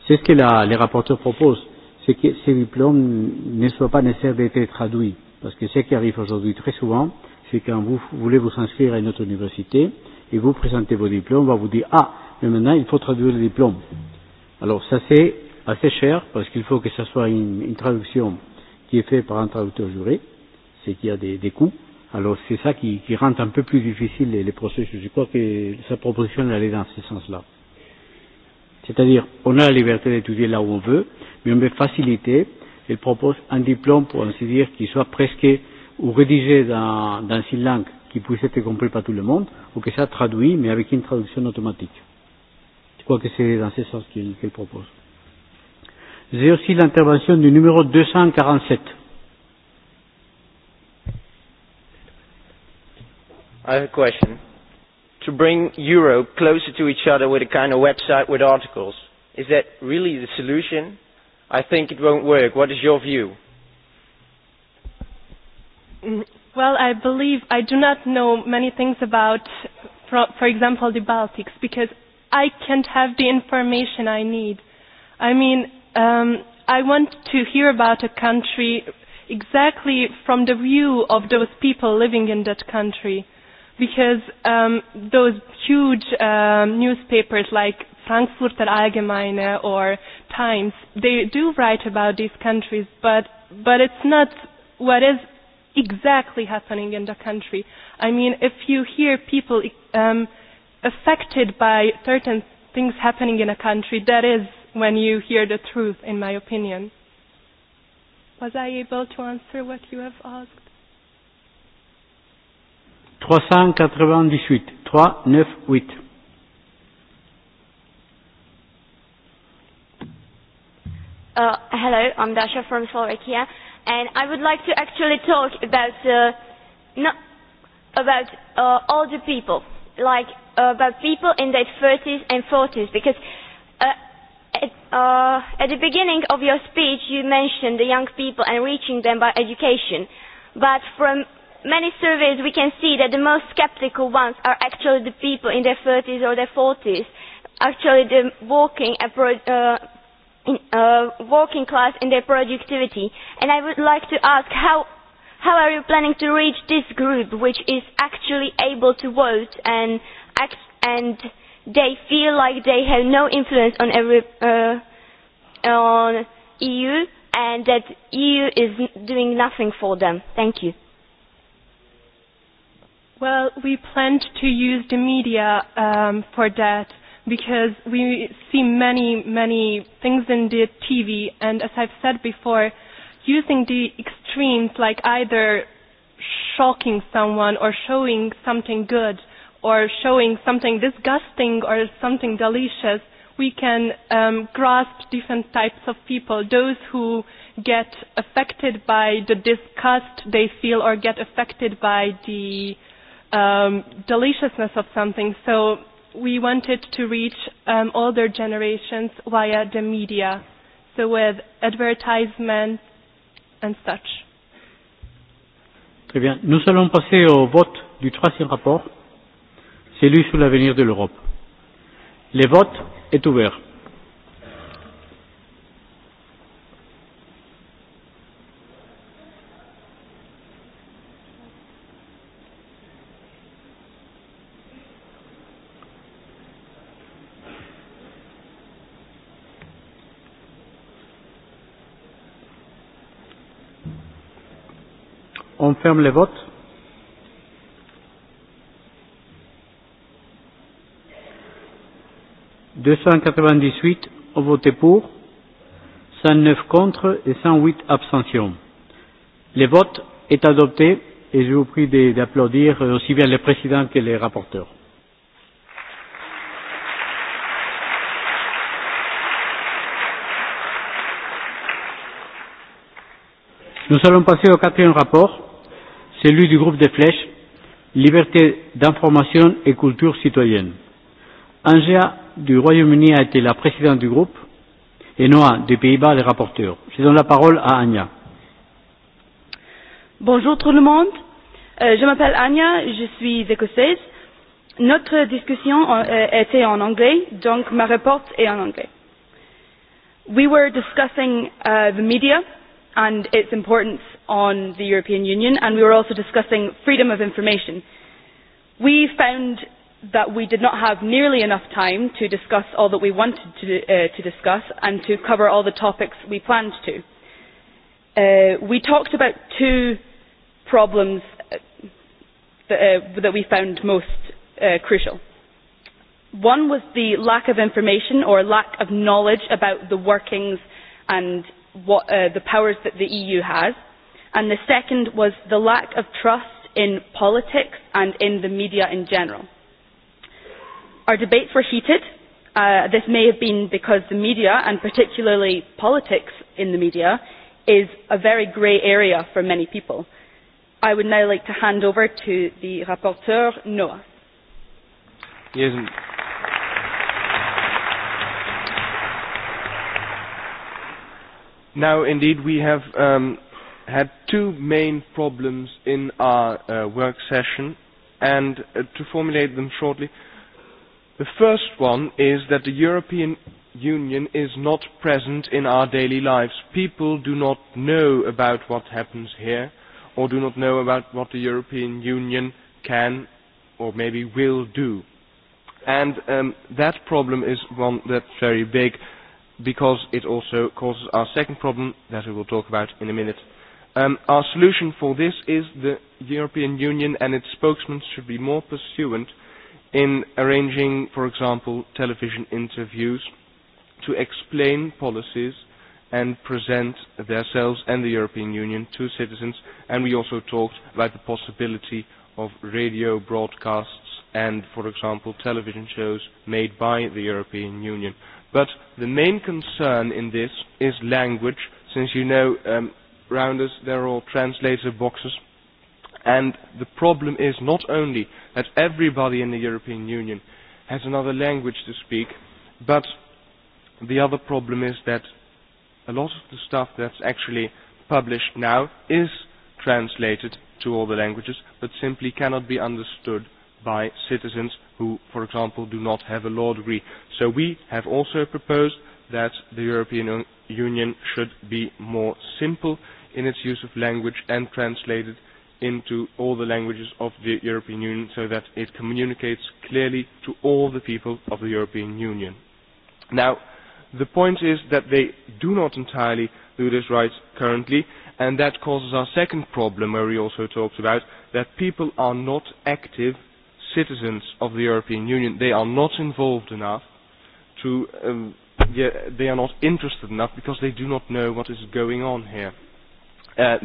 C'est ce que la, les rapporteurs proposent, c'est que ces diplômes ne soient pas nécessaires d'être traduits. Parce que ce qui arrive aujourd'hui très souvent, c'est quand vous voulez vous inscrire à une autre université et vous présentez vos diplômes, on va vous dire Ah, mais maintenant il faut traduire le diplôme. Alors ça c'est assez cher parce qu'il faut que ce soit une, une traduction qui est faite par un traducteur juré, c'est qu'il y a des, des coûts Alors c'est ça qui, qui rend un peu plus difficile les, les processus. Je crois que sa proposition elle est dans ce sens-là. C'est-à-dire, on a la liberté d'étudier là où on veut, mais on veut faciliter. Elle propose un diplôme, pour ainsi dire, qui soit presque ou rédigé dans, dans une langue qui puisse être compris par tout le monde, ou que ça traduit, mais avec une traduction automatique. Je crois que c'est dans ce sens qu'elle qu propose. J'ai aussi l'intervention du numéro 247. I have a question. To bring Europe closer to each other with a kind of website with articles, is that really the solution? I think it won't work. What is your view? Well, I believe I do not know many things about, for example, the Baltics, because I can't have the information I need. I mean, um, I want to hear about a country exactly from the view of those people living in that country because um those huge newspapers like Frankfurter Allgemeine or Times, they do write about these countries, but but it's not what is exactly happening in the country. I mean, if you hear people um, affected by certain things happening in a country, that is when you hear the truth, in my opinion. Was I able to answer what you have asked? 398. 3, 9, 8. Uh, hello, I'm Dasha from Slovakia, and I would like to actually talk about uh, not about uh, older people, like about people in their 30s and 40s, because uh, at, uh, at the beginning of your speech you mentioned the young people and reaching them by education, but from many surveys we can see that the most skeptical ones are actually the people in their 30s or their 40s, actually the working uh working class in their productivity. And I would like to ask how how are you planning to reach this group which is actually able to vote and act and they feel like they have no influence on every uh on EU and that EU is doing nothing for them. Thank you. Well, we planned to use the media um, for that because we see many, many things in the TV, and as I've said before, using the extremes like either shocking someone or showing something good or showing something disgusting or something delicious, we can um, grasp different types of people. Those who get affected by the disgust they feel or get affected by the um, deliciousness of something. So we wanted to reach um, older generations via the media, so with advertisement and such. Très bien. Nous allons passer au vote du troisième rapport, celui sur l'avenir de l'Europe. Le vote est ouvert. ferme les votes. Deux cent quatre-vingt-dix-huit ont voté pour, cent neuf contre et cent huit abstentions. Le vote est adopté et je vous prie d'applaudir aussi bien les présidents que les rapporteurs. Nous allons passer au quatrième rapport celui du groupe des flèches, liberté d'information et culture citoyenne. Angea, du Royaume-Uni a été la présidente du groupe et Noah des Pays-Bas le rapporteur. Je donne la parole à Anya. Bonjour tout le monde. Je m'appelle Anya, je suis écossaise. Notre discussion était en anglais, donc ma report est en anglais. We were discussing the media and its importance on the European Union, and we were also discussing freedom of information. We found that we did not have nearly enough time to discuss all that we wanted to discuss and to cover all the topics we planned to. We talked about two problems that we found most crucial. One was the lack of information or lack of knowledge about the workings and the powers that the EU has and the second was the lack of trust in politics and in the media in general. Our debates were heated. This may have been because the media, and particularly politics in the media, is a very grey area for many people. I would now like to hand over to the rapporteur, Noah. Yes. Now, indeed, we have had two main problems in our work session and to formulate them shortly. The first one is that the European Union is not present in our daily lives. People do not know about what happens here or do not know about what the European Union can or maybe will do. And that problem is one that's very big because it also causes our second problem that we will talk about in a minute Um Our solution for this is the European Union and its spokesmen should be more pursuant in arranging, for example, television interviews to explain policies and present themselves and the European Union to citizens. And we also talked about the possibility of radio broadcasts and, for example, television shows made by the European Union. But the main concern in this is language, since you know um round us, they're all translator boxes. And the problem is not only that everybody in the European Union has another language to speak, but the other problem is that a lot of the stuff that's actually published now is translated to all the languages, but simply cannot be understood by citizens who, for example, do not have a law degree. So we have also proposed that the European Union should be more simple in its use of language and translated into all the languages of the European Union so that it communicates clearly to all the people of the European Union. Now, the point is that they do not entirely do this right currently, and that causes our second problem where we also talked about that people are not active citizens of the European Union. They are not involved enough to, they are not interested enough because they do not know what is going on here.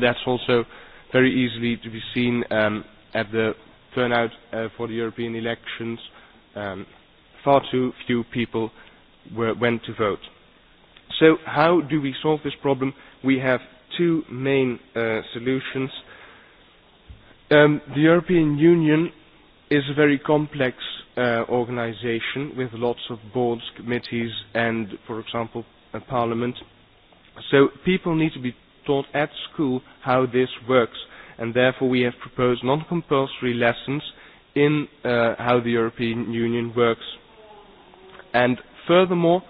That's also very easily to be seen at the turnout for the European elections. Far too few people went to vote. So how do we solve this problem? We have two main solutions. The European Union is a very complex organization with lots of boards, committees and, for example, a parliament. So people need to be taught at school how this works. And therefore we have proposed non-compulsory lessons in how the European Union works. And furthermore,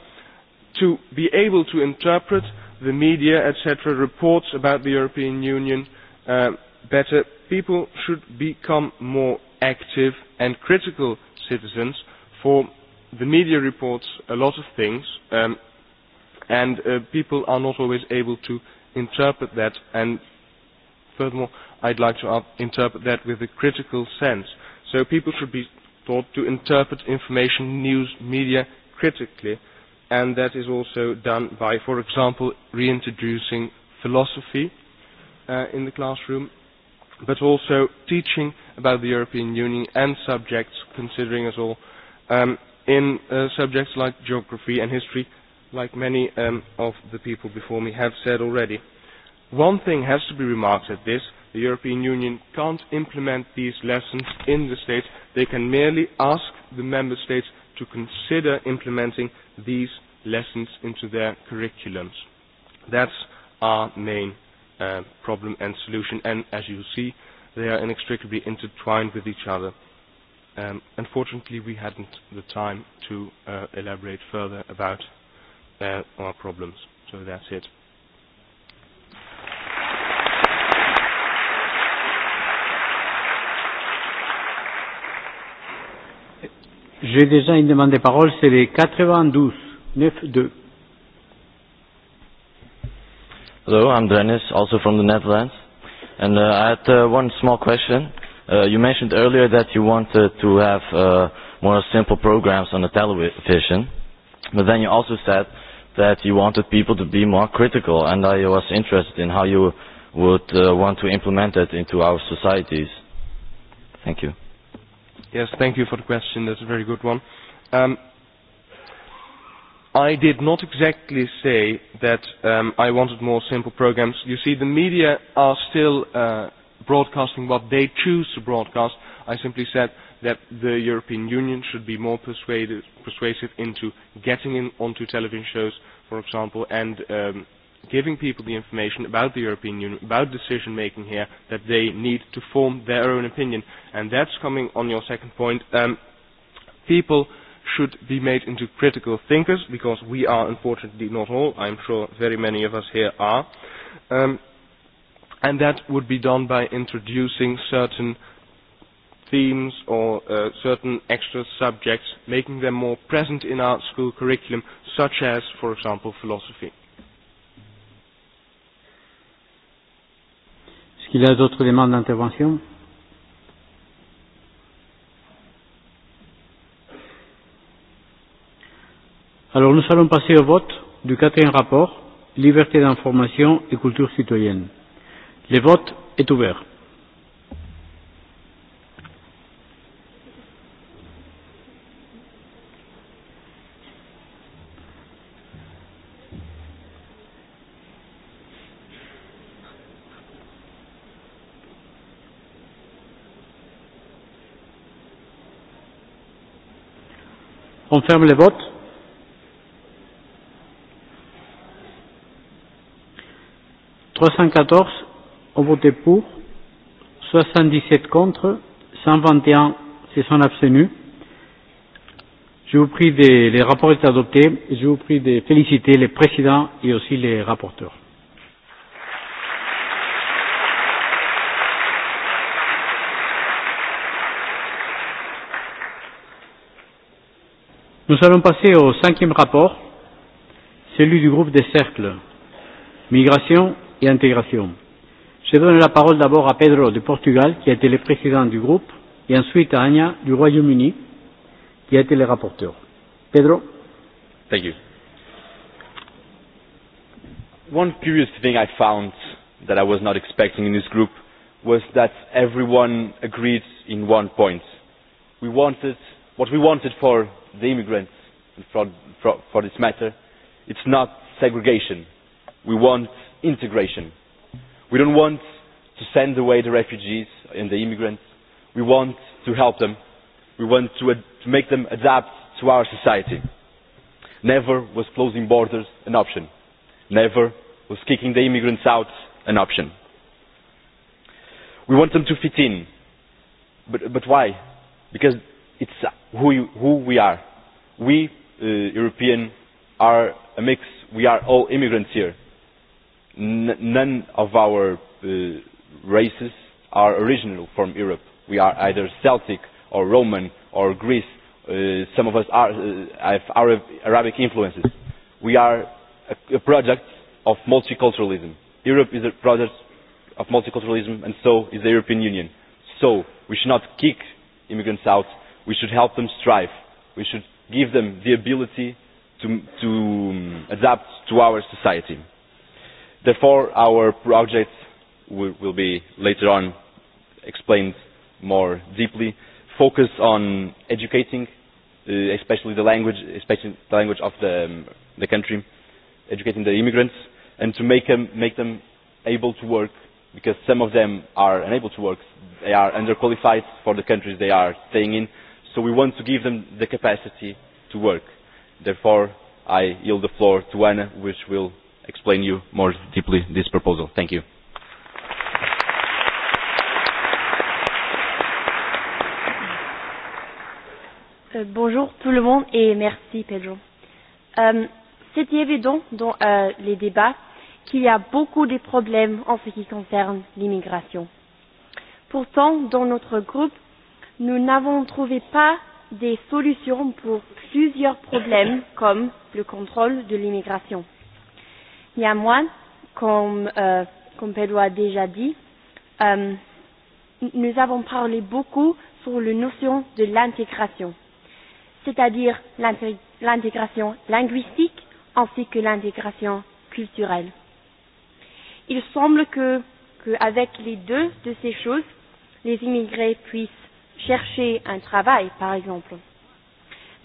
to be able to interpret the media, etc., reports about the European Union better, people should become more active and critical citizens for the media reports a lot of things and people are not always able to interpret that and furthermore I'd like to interpret that with a critical sense. So people should be taught to interpret information, news, media critically and that is also done by, for example, reintroducing philosophy in the classroom but also teaching about the European Union and subjects considering us all um, in subjects like geography and history like many of the people before me have said already. One thing has to be remarked at this. The European Union can't implement these lessons in the states. They can merely ask the member states to consider implementing these lessons into their curriculums. That's our main problem and solution. And as you see, they are inextricably intertwined with each other. Unfortunately, we hadn't the time to elaborate further about are problems. So that's it. J'ai déjà une demande de parole, c'est les 92, 9-2. Hello, I'm Dennis, also from the Netherlands. And uh, I had uh, one small question. Uh, you mentioned earlier that you wanted to have uh, more simple programs on the television, but then you also said that you wanted people to be more critical, and I was interested in how you would want to implement that into our societies. Thank you. Yes, thank you for the question. That's a very good one. Um, I did not exactly say that um, I wanted more simple programs. You see, the media are still uh, broadcasting what they choose to broadcast, I simply said that the European Union should be more persuasive into getting in onto television shows, for example, and um, giving people the information about the European Union, about decision making here, that they need to form their own opinion. And that's coming on your second point. Um, people should be made into critical thinkers, because we are unfortunately not all, I'm sure very many of us here are. Um, and that would be done by introducing certain themes or certain extra subjects, making them more present in our school curriculum, such as, for example, philosophy. Est-ce qu'il y a d'autres demandes d'intervention Alors nous allons passer au vote du quatrième rapport, liberté d'information et culture citoyenne. Le vote est ouvert. On ferme le vote. Trois cent quatorze ont voté pour, soixante dix sept contre, cent vingt et un se sont abstenus. Je vous prie des les rapports est adoptés je vous prie de féliciter les présidents et aussi les rapporteurs. Nous allons passer au cinquième rapport, celui du groupe des cercles, migration et intégration. Je donne la parole d'abord à Pedro de Portugal, qui a été le président du groupe, et ensuite à Anya du Royaume-Uni, qui a été le rapporteur. Pedro. Thank you. One curious thing I found that I was not expecting in this group was that everyone agreed in one point. We wanted, what we wanted for the immigrants for this matter it's not segregation we want integration we don't want to send away the refugees and the immigrants we want to help them we want to to make them adapt to our society never was closing borders an option never was kicking the immigrants out an option we want them to fit in but but why because it's who who we are we european are a mix we are all immigrants here none of our races are original from europe we are either celtic or roman or greece some of us are have arabic influences we are a product of multiculturalism europe is a product of multiculturalism and so is the european union so we should not kick immigrants out we should help them strive. We should give them the ability to, to adapt to our society. Therefore, our project will be later on explained more deeply, focus on educating, especially the language, especially the language of the, the country, educating the immigrants, and to make them, make them able to work, because some of them are unable to work, they are underqualified for the countries they are staying in, So we want to give them the capacity to work. Therefore, I yield the floor to Anna, which will explain you more deeply this proposal. Thank you. Bonjour tout le monde et merci Pedro. Euh, C'est évident dans les débats qu'il y a beaucoup de problèmes en ce qui concerne l'immigration. Pourtant, dans notre groupe, nous n'avons trouvé pas des solutions pour plusieurs problèmes comme le contrôle de l'immigration. Néanmoins, comme, euh, comme Pedro a déjà dit, nous avons parlé beaucoup sur la notion de l'intégration, c'est-à-dire l'intégration linguistique ainsi que l'intégration culturelle. Il semble que, que avec les deux de ces choses, les immigrés puissent chercher un travail, par exemple.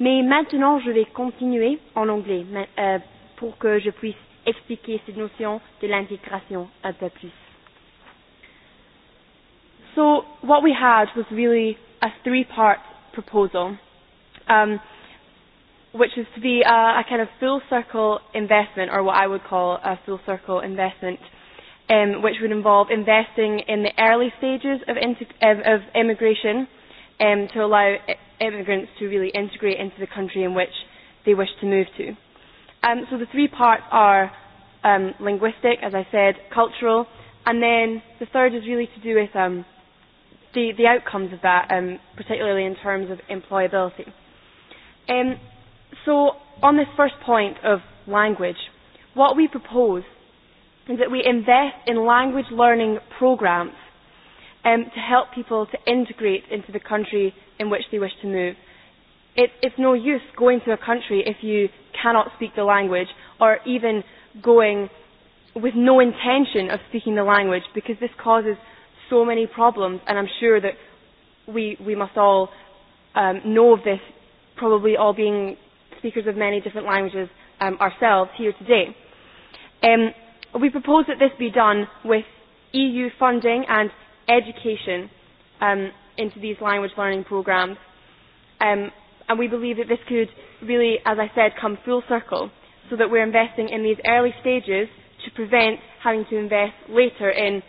Mais maintenant, je vais continuer en anglais pour que je puisse expliquer cette notion de l'intégration un peu plus. So, what we had was really a three-part proposal, um, which is to be a, a kind of full circle investment, or what I would call a full circle investment, um, which would involve investing in the early stages of, of immigration, um, to allow immigrants to really integrate into the country in which they wish to move to. Um, so the three parts are um, linguistic, as I said, cultural, and then the third is really to do with um, the, the outcomes of that, um, particularly in terms of employability. Um, so on this first point of language, what we propose is that we invest in language learning programs to help people to integrate into the country in which they wish to move. It, it's no use going to a country if you cannot speak the language or even going with no intention of speaking the language because this causes so many problems and I'm sure that we, we must all know of this, probably all being speakers of many different languages ourselves here today. we propose that this be done with EU funding and education um, into these language learning programs. and we believe that this could really, as I said, come full circle so that we're investing in these early stages to prevent having to invest later in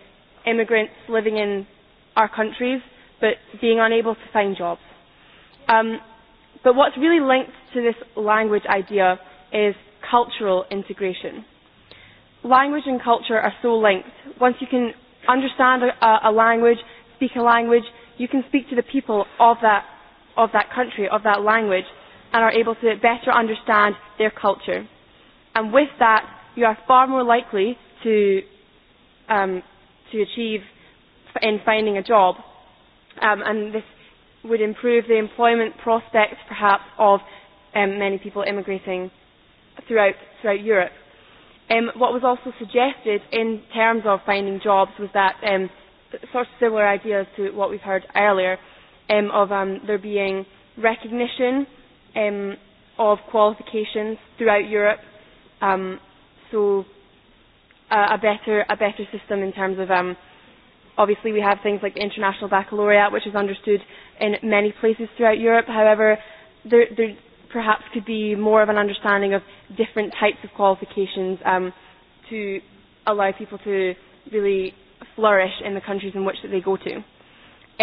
immigrants living in our countries but being unable to find jobs. Um, but what's really linked to this language idea is cultural integration. Language and culture are so linked. Once you can understand a, a language, speak a language, you can speak to the people of that, of that country, of that language, and are able to better understand their culture. And with that, you are far more likely to, um, to achieve in finding a job. Um, and this would improve the employment prospects, perhaps, of um, many people immigrating throughout, throughout Europe Um, what was also suggested in terms of finding jobs was that um, sort of similar ideas to what we've heard earlier um, of um, there being recognition um, of qualifications throughout Europe, um, so a, better a better system in terms of um, obviously we have things like the international baccalaureate, which is understood in many places throughout Europe. However, there, there perhaps could be more of an understanding of different types of qualifications um, to allow people to really flourish in the countries in which that they go to.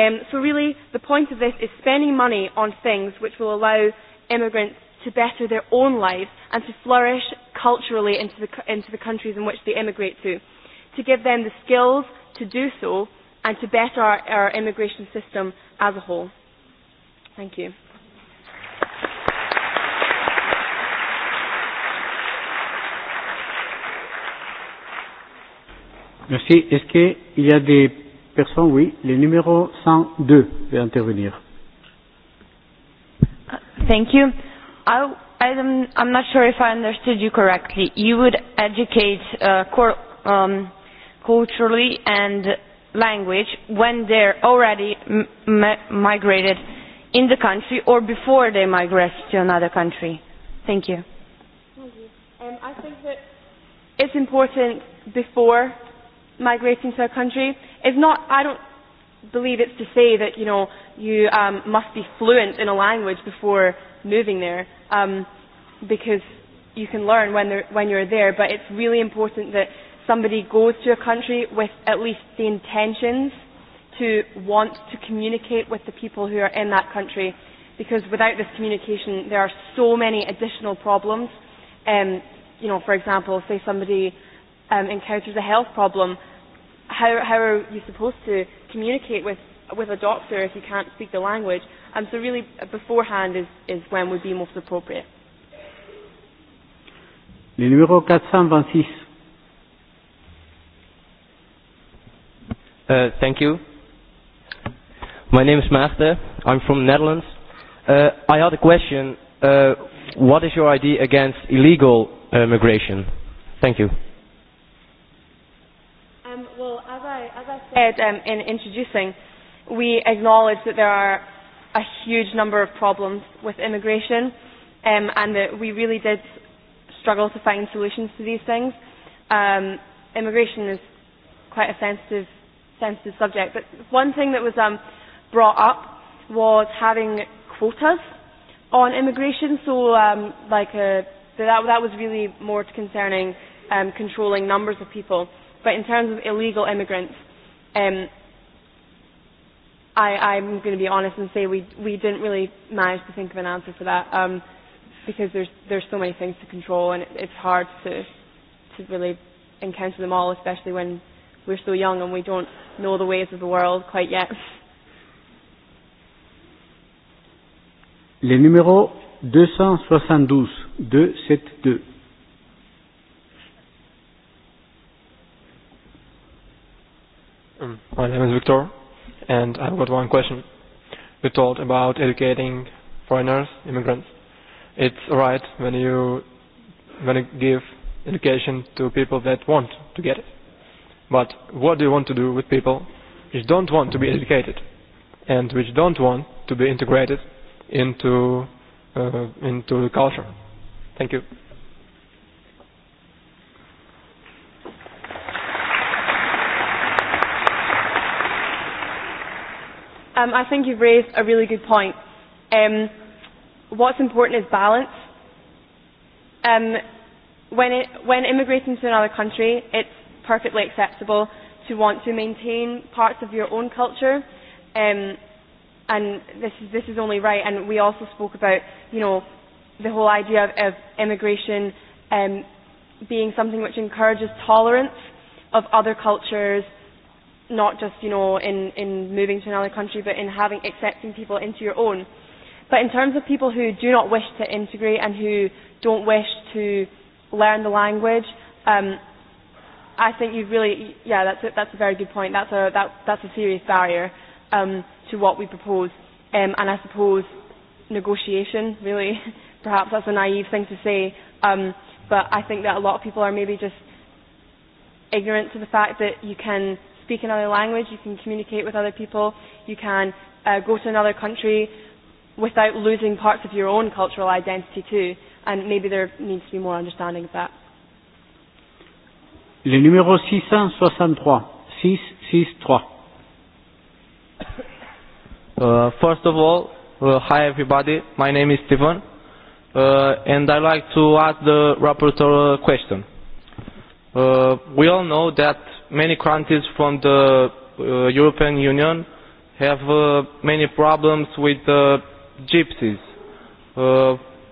Um, so really, the point of this is spending money on things which will allow immigrants to better their own lives and to flourish culturally into the, into the countries in which they immigrate to, to give them the skills to do so and to better our, our immigration system as a whole. Thank you. Merci. Est-ce qu'il y a des personnes Oui, le numéro 102 veut intervenir. Thank you. I, I'm, I'm not sure if I understood you correctly. You would educate uh, cor um, culturally and language when they're already m migrated in the country or before they migrate to another country. Thank you. Thank you. Um, I think that it's important before migrating to a country is not I don't believe it's to say that you know you um, must be fluent in a language before moving there um, because you can learn when when you're there but it's really important that somebody goes to a country with at least the intentions to want to communicate with the people who are in that country because without this communication there are so many additional problems um, you know for example say somebody um, encounters a health problem, how, how are you supposed to communicate with, with a doctor if you can't speak the language? and so really beforehand is, is when would be most appropriate. Le numéro 426. Uh, thank you. My name is Maarten. I'm from Netherlands. Uh, I had a question. Uh, what is your idea against illegal immigration? migration? Thank you. in introducing, we acknowledge that there are a huge number of problems with immigration um, and that we really did struggle to find solutions to these things. Um, immigration is quite a sensitive, sensitive subject, but one thing that was um, brought up was having quotas on immigration, so um, like a, that, that was really more concerning um, controlling numbers of people. But in terms of illegal immigrants, Um, I, I'm going to be honest and say we, we didn't really manage to think of an answer for that um, because there's, there's so many things to control and it's hard to, to really encounter them all, especially when we're so young and we don't know the ways of the world quite yet. Le numéro 272, 272. My name is Victor, and I've got one question. We talked about educating foreigners, immigrants. It's right when you when you give education to people that want to get it. But what do you want to do with people which don't want to be educated and which don't want to be integrated into uh, into the culture? Thank you. Um, I think you've raised a really good point. Um, what's important is balance. Um, when, it, when immigrating to another country, it's perfectly acceptable to want to maintain parts of your own culture. Um, and this is, this is only right. And we also spoke about, you know, the whole idea of, of immigration um, being something which encourages tolerance of other cultures not just, you know, in, in moving to another country, but in having accepting people into your own. But in terms of people who do not wish to integrate and who don't wish to learn the language, um, I think you've really, yeah, that's a, that's a very good point. That's a, that, that's a serious barrier um, to what we propose. Um, and I suppose negotiation, really, perhaps that's a naive thing to say, um, but I think that a lot of people are maybe just ignorant to the fact that you can speak another language, you can communicate with other people, you can uh, go to another country without losing parts of your own cultural identity too. And maybe there needs to be more understanding of that. Le numéro 663. Uh, first of all, hi everybody. My name is Stephen and I'd like to ask the rapporteur a question. we all know that many countries from the European Union have many problems with gypsies.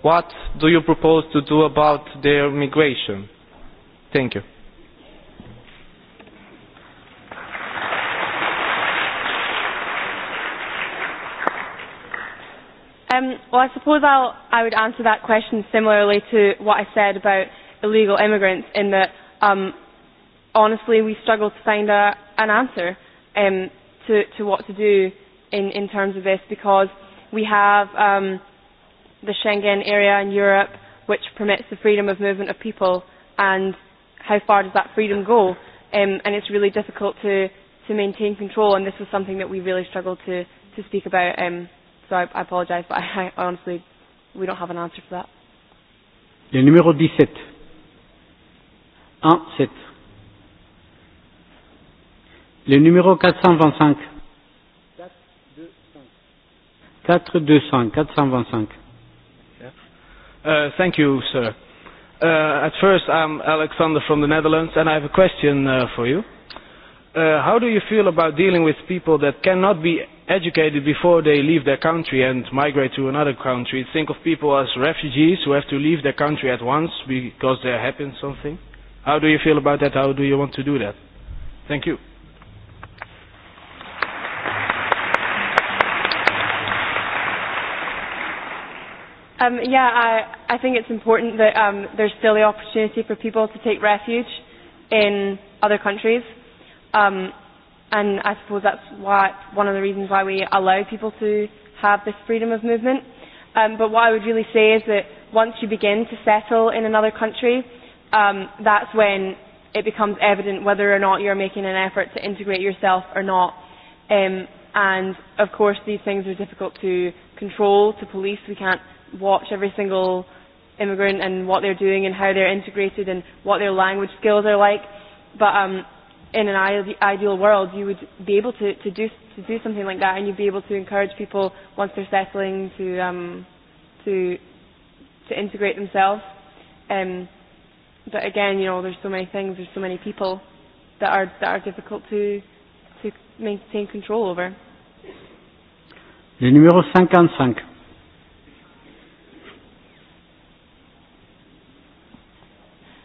What do you propose to do about their migration? Thank you. Well, I suppose I'll, I would answer that question similarly to what I said about illegal immigrants in that um, honestly, we struggle to find a, an answer um, to, to what to do in, in terms of this because we have um, the Schengen area in Europe which permits the freedom of movement of people and how far does that freedom go? Um, and it's really difficult to, to maintain control and this was something that we really struggled to, to speak about. Um, so I, I apologise but I, I honestly, we don't have an answer for that. Le numéro 17. 1, Le numéro 425. 425. 425. Uh, thank you, sir. Uh, at first, I'm Alexander from the Netherlands, and I have a question uh, for you. Uh, how do you feel about dealing with people that cannot be educated before they leave their country and migrate to another country? Think of people as refugees who have to leave their country at once because there happy something. How do you feel about that? How do you want to do that? Thank you. Um, yeah, I, I think it's important that um, there's still the opportunity for people to take refuge in other countries. Um, and I suppose that's why, one of the reasons why we allow people to have this freedom of movement. Um, but what I would really say is that once you begin to settle in another country, um, that's when it becomes evident whether or not you're making an effort to integrate yourself or not. Um, and of course, these things are difficult to control, to police. We can't watch every single immigrant and what they're doing and how they're integrated and what their language skills are like. But um, in an ideal world, you would be able to, to, do, to do something like that and you'd be able to encourage people once they're settling to, um, to, to integrate themselves. Um, but again, you know, there's so many things, there's so many people that are, that are difficult to, to maintain control over. Le numéro 55.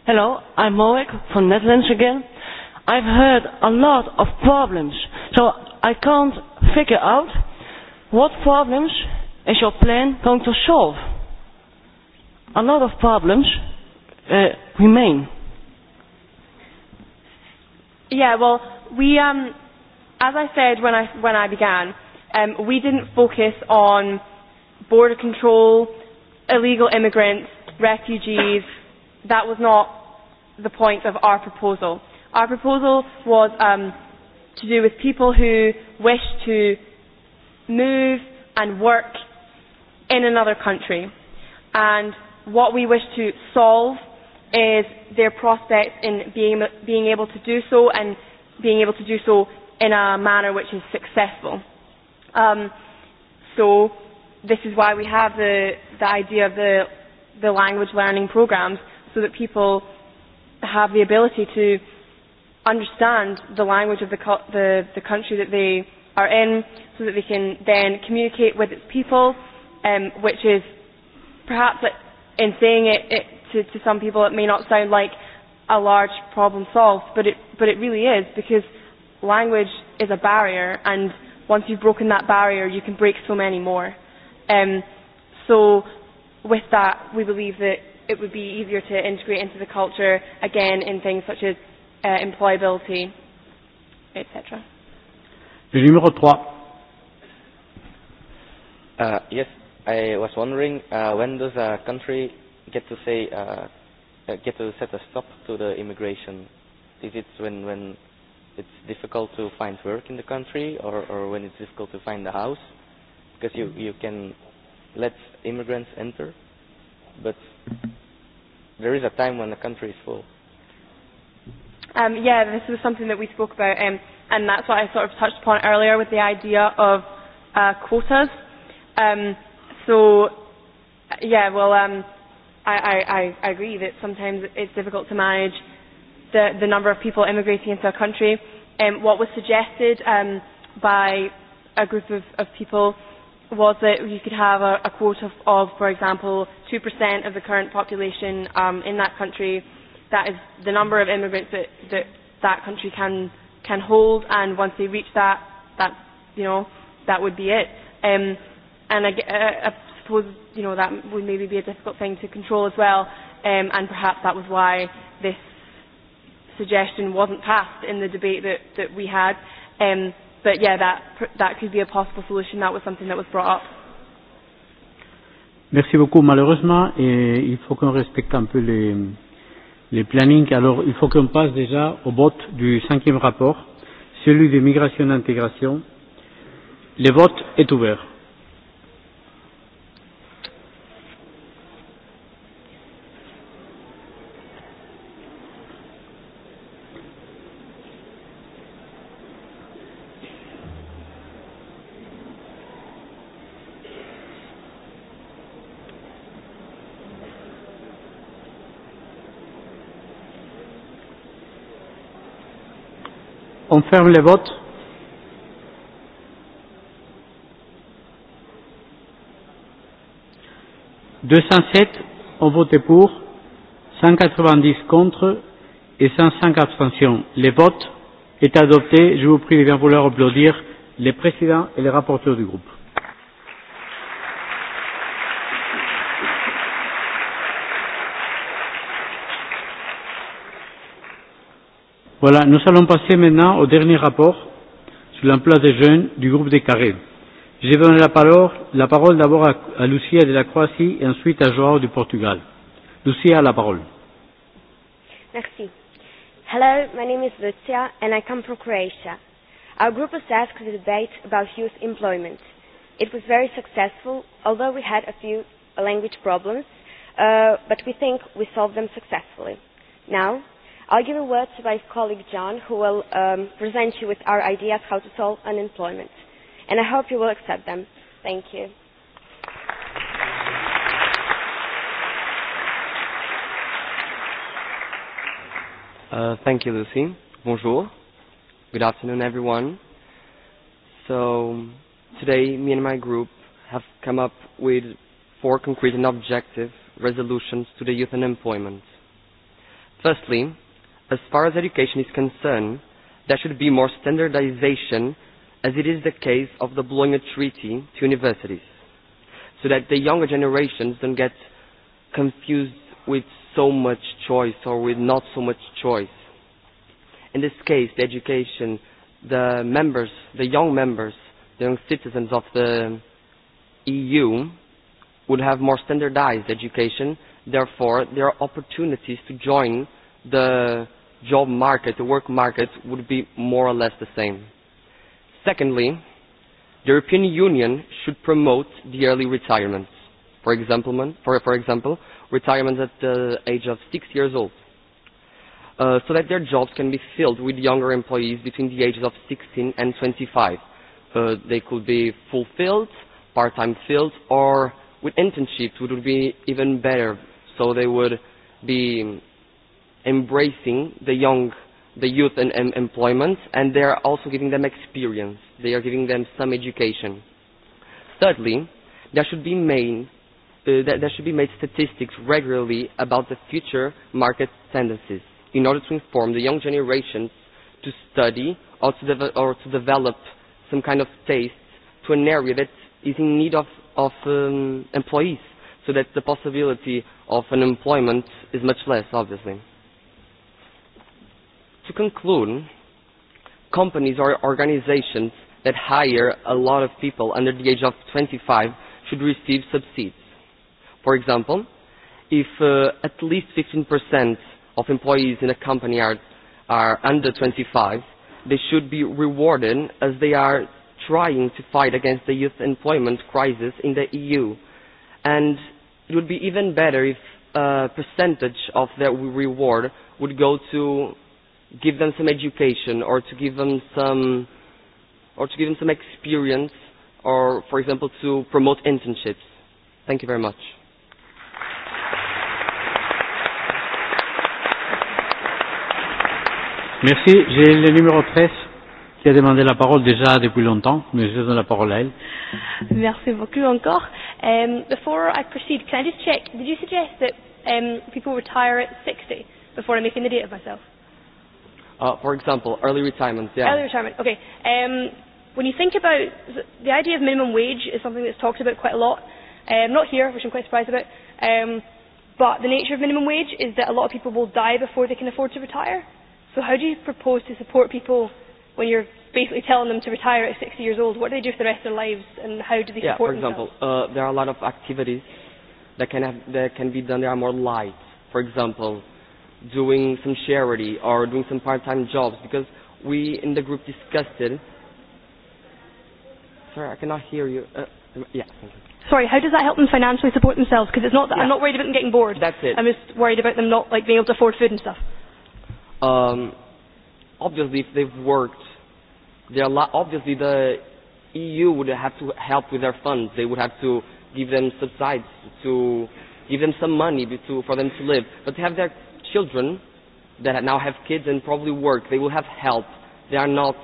Hello, I'm Moek from Netherlands again. I've heard a lot of problems, so I can't figure out what problems is your plan going to solve. A lot of problems uh remain. Yeah, well, we, um, as I said when I when I began, um, we didn't focus on border control, illegal immigrants, refugees that was not the point of our proposal. Our proposal was um, to do with people who wish to move and work in another country. And what we wish to solve is their prospects in being, being able to do so and being able to do so in a manner which is successful. Um, so this is why we have the, the idea of the, the language learning programs so that people have the ability to understand the language of the, the, the country that they are in so that they can then communicate with its people, um, which is perhaps in saying it, it to, to some people it may not sound like a large problem solved, but it, but it really is because language is a barrier and once you've broken that barrier you can break so many more. Um, so with that we believe that it would be easier to integrate into the culture, again, in things such as uh employability, etc. Le numéro 3. Yes, I was wondering uh when does a country get to say uh get to set a stop to the immigration? Is it when when it's difficult to find work in the country or or when it's difficult to find a house? Because you you can let immigrants enter but there is a time when the country is full. Um, yeah, this is something that we spoke about, um, and that's what I sort of touched upon earlier with the idea of uh, quotas. Um, so, yeah, well, um, I, I, I agree that sometimes it's difficult to manage the, the number of people immigrating into a country. Um, what was suggested um, by a group of, of people was that you could have a, a quota of, for example, 2% of the current population um, in that country. That is the number of immigrants that that, that country can can hold, and once they reach that, that you know, that would be it. Um, and I, I suppose you know that would maybe be a difficult thing to control as well, um, and perhaps that was why this suggestion wasn't passed in the debate that that we had. Um, but yeah, that, that could be a possible solution. That was something that was brought up. Merci beaucoup. Malheureusement, et il faut qu'on respecte un peu les, les plannings. Alors, il faut qu'on passe déjà au vote du cinquième rapport, celui de migration et intégration. Le vote est ouvert. On ferme les votes. Deux cent sept ont voté pour, cent quatre-vingt-dix contre et cent cinq abstentions. les votes est adopté. Je vous prie de bien vouloir applaudir les présidents et les rapporteurs du groupe. Voilà, nous allons passer maintenant au dernier rapport sur l'emploi des jeunes du groupe des Carrés. Je vais donner la parole, la parole d'abord à, à Lucia de la Croatie et ensuite à Joao du Portugal. Lucia la parole. Merci. Hello, my name is Lucia and I come from Croatia. Our group was asked to debate about youth employment. It was very successful, although we had a few language problems, uh, but we think we solved them successfully. Now, I give a word to my colleague John, who will um, present you with our ideas how to solve unemployment. And I hope you will accept them. Thank you. Uh, thank you, Lucy. Bonjour. Good afternoon, everyone. So today, me and my group have come up with four concrete and objective resolutions to the youth unemployment. Firstly, As far as education is concerned, there should be more standardization, as it is the case of the Bologna Treaty to universities, so that the younger generations don't get confused with so much choice or with not so much choice. In this case, the education, the members, the young members, the young citizens of the EU would have more standardized education, therefore there are opportunities to join the job market, the work market, would be more or less the same. Secondly, the European Union should promote the early retirement. For example, for, for example retirement at the age of six years old. Uh, so that their jobs can be filled with younger employees between the ages of 16 and 25. Uh, they could be fulfilled, part-time filled, or with internships, which would be even better. So they would be embracing the young, the youth and employment, and they are also giving them experience. They are giving them some education. Thirdly, there should be main, there should be made statistics regularly about the future market tendencies in order to inform the young generations to study or to, or to develop some kind of taste to an area that is in need of, of employees so that the possibility of unemployment is much less, obviously. To conclude, companies or organizations that hire a lot of people under the age of 25 should receive subsidies. For example, if at least 15% of employees in a company are, are under 25, they should be rewarded as they are trying to fight against the youth employment crisis in the EU. And it would be even better if a percentage of their reward would go to give them some education or to give them some or to give them some experience or for example to promote internships. Thank you very much. Merci. J'ai le numéro 13 qui a demandé la parole déjà depuis longtemps, mais je donne la parole à elle. Merci beaucoup encore. Um, before I proceed, can I just check, did you suggest that um, people retire at 60 before I'm making the idiot of myself? Uh, for example, early retirement. Yeah. Early retirement. Okay. Um, when you think about the idea of minimum wage is something that's talked about quite a lot. Um, not here, which I'm quite surprised about. Um, but the nature of minimum wage is that a lot of people will die before they can afford to retire. So how do you propose to support people when you're basically telling them to retire at 60 years old? What do they do for the rest of their lives, and how do they support themselves? For example, uh, there are a lot of activities that can, have, that can be done. There are more light. For example, doing some charity or doing some part-time jobs because we in the group discussed it. Sorry, I cannot hear you. Uh, yeah, Sorry, how does that help them financially support themselves? Because it's not that I'm not worried about them getting bored. That's it. I'm just worried about them not like being able to afford food and stuff. Um, obviously, if they've worked, they're obviously the EU would have to help with their funds. They would have to give them subsides to give them some money to, for them to live. But they have their children that now have kids and probably work. They will have help. They are not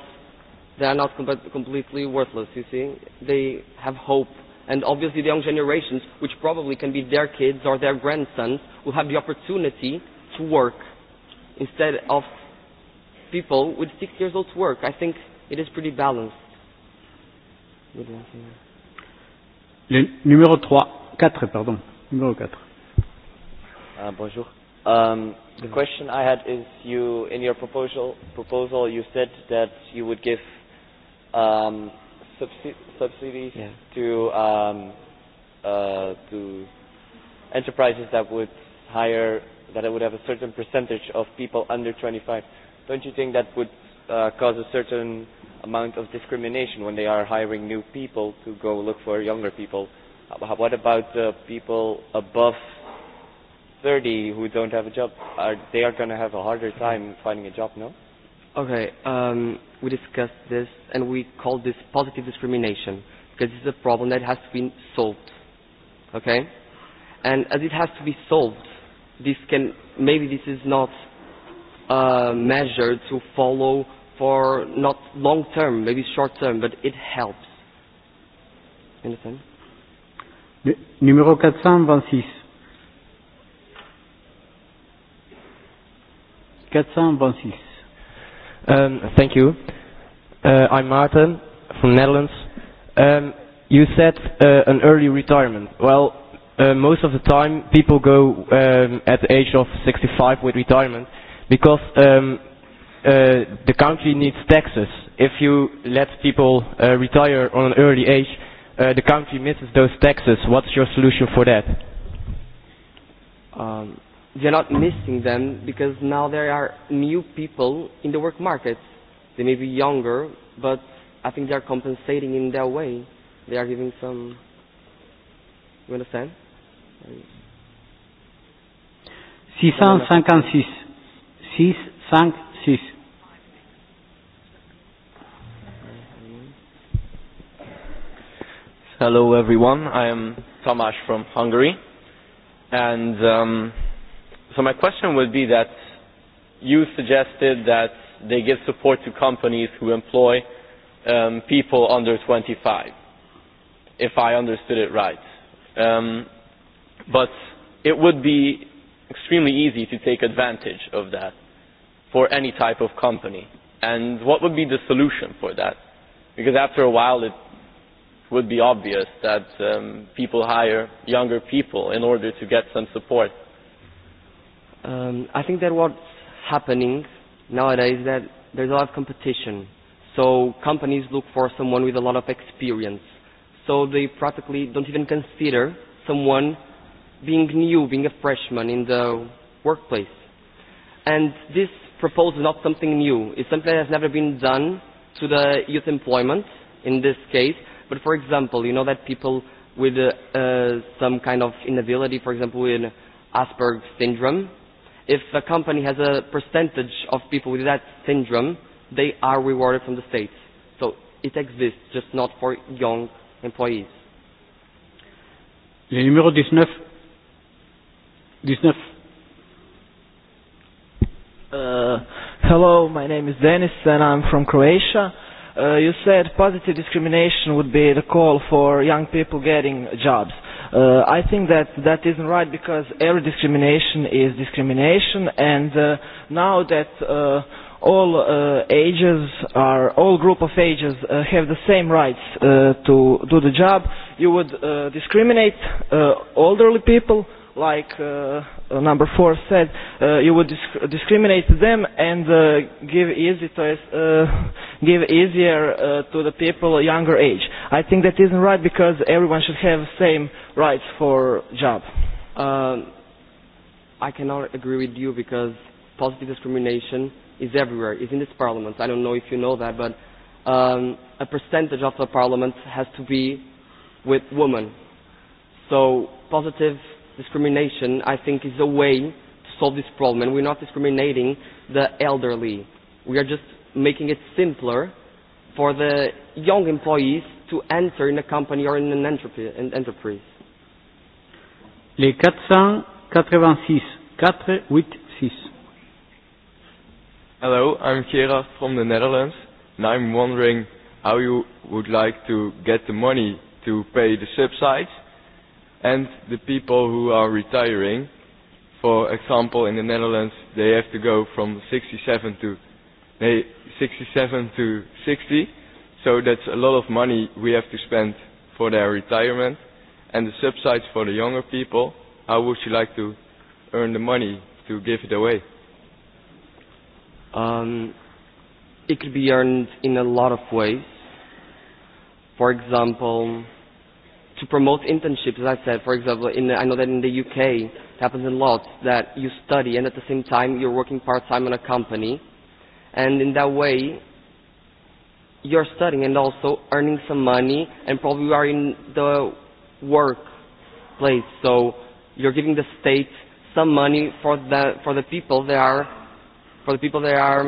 they are not completely worthless, you see. They have hope. And obviously the young generations, which probably can be their kids or their grandsons, will have the opportunity to work instead of people with six years old work. I think it is pretty balanced. Le numéro 3, 4, pardon. Numéro 4. Ah, bonjour Um, the question I had is you, in your proposal, proposal you said that you would give um, subsidies to um, uh, to enterprises that would hire that would have a certain percentage of people under 25. Don't you think that would uh, cause a certain amount of discrimination when they are hiring new people to go look for younger people? What about the people above 30 who don't have a job, are, they are going to have a harder time finding a job, no? Okay, um, we discussed this and we call this positive discrimination because this is a problem that has to be solved, okay? And as it has to be solved, this can maybe this is not a measure to follow for not long term, maybe short term, but it helps. Understand? Numéro 426. 426. Um, thank you. Uh, I'm Martin from Netherlands. Um, you said uh, an early retirement. Well, uh, most of the time people go um, at the age of 65 with retirement because um, uh, the country needs taxes. If you let people uh, retire on an early age, uh, the country misses those taxes. What's your solution for that? Um, you're not missing them because now there are new people in the work market. They may be younger, but I think they are compensating in their way. They are giving some. You understand? 656. 656. Hello everyone, I am Tomash from Hungary and um, So my question would be that you suggested that they give support to companies who employ um, people under 25, if I understood it right. Um, but it would be extremely easy to take advantage of that for any type of company. And what would be the solution for that? Because after a while it would be obvious that um, people hire younger people in order to get some support um, I think that what's happening nowadays is that there's a lot of competition. So companies look for someone with a lot of experience. So they practically don't even consider someone being new, being a freshman in the workplace. And this proposal is not something new. It's something that has never been done to the youth employment in this case. But for example, you know that people with uh, some kind of inability, for example, in Asperger's syndrome, if a company has a percentage of people with that syndrome, they are rewarded from the state. So it exists, just not for young employees. Le numéro 19. 19. Uh, hello, my name is Denis and I'm from Croatia. Uh, you said positive discrimination would be the call for young people getting jobs I think that that isn't right because every discrimination is discrimination and now that all ages are all group of ages have the same rights to do the job you would discriminate elderly people like number four said, you would discriminate them and give easy to give easier to the people younger age. I think that isn't right because everyone should have the same rights for job. I cannot agree with you because positive discrimination is everywhere, is in this parliament. I don't know if you know that, but um, a percentage of the parliament has to be with women. So positive discrimination, I think, is a way to solve this problem. And we're not discriminating the elderly. We are just making it simpler for the young employees to enter in a company or in an enterprise. Les 486. 486. Hello, I'm Kira from the Netherlands, and I'm wondering how you would like to get the money to pay the subsides and the people who are retiring. For example, in the Netherlands, they have to go from 67 to they 67 to 60. So that's a lot of money we have to spend for their retirement. And the subsides for the younger people, how would you like to earn the money to give it away? Um, it could be earned in a lot of ways. For example, to promote internships, as I said, for example, in I know that in the UK it happens a lot that you study and at the same time you're working part-time on a company, and in that way you're studying and also earning some money and probably you are in the work place, so you're giving the state some money for the for the people that are for the people that are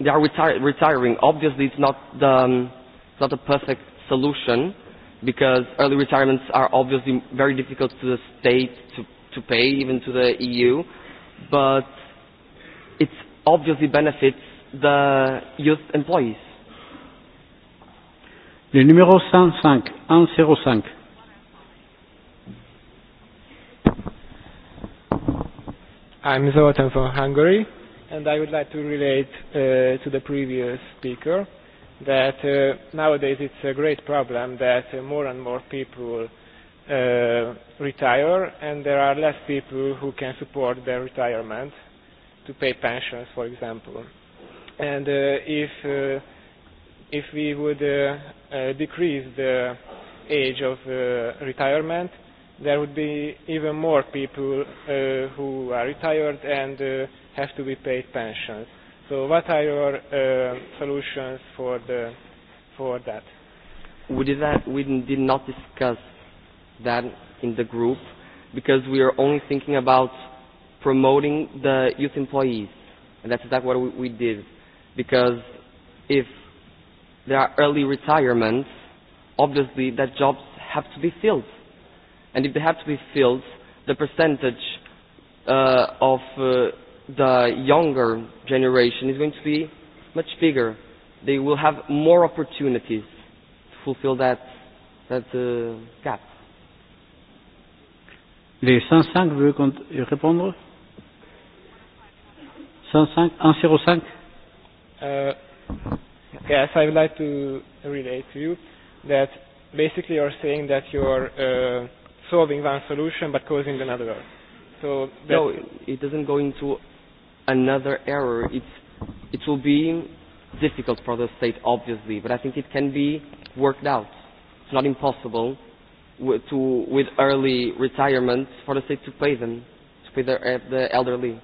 they are retiring. Obviously, it's not the it's not the perfect solution because early retirements are obviously very difficult to the state to to pay, even to the EU, but it obviously benefits the youth employees. Le numéro 105, 105. I'm Zoltan from Hungary, and I would like to relate uh, to the previous speaker that nowadays it's a great problem that more and more people retire and there are less people who can support their retirement to pay pensions, for example. And if if we would decrease the age of retirement, there would be even more people who are retired and have to be paid pensions. So what are your solutions for the for that? We did that we did not discuss that in the group because we are only thinking about promoting the youth employees and that's exactly what we did because if there are early retirements obviously that jobs have to be filled and if they have to be filled the percentage uh, of the younger generation is going to be much bigger. They will have more opportunities to fulfill that that uh, gap. Les 105 répondre 105 105 uh, Yes, I would like to relate to you that basically are saying that you're uh, solving one solution but causing another. So no, it doesn't go into another error, it's, it will be difficult for the state, obviously, but I think it can be worked out. It's not impossible to, with early retirement for the state to pay them, to pay the, the elderly.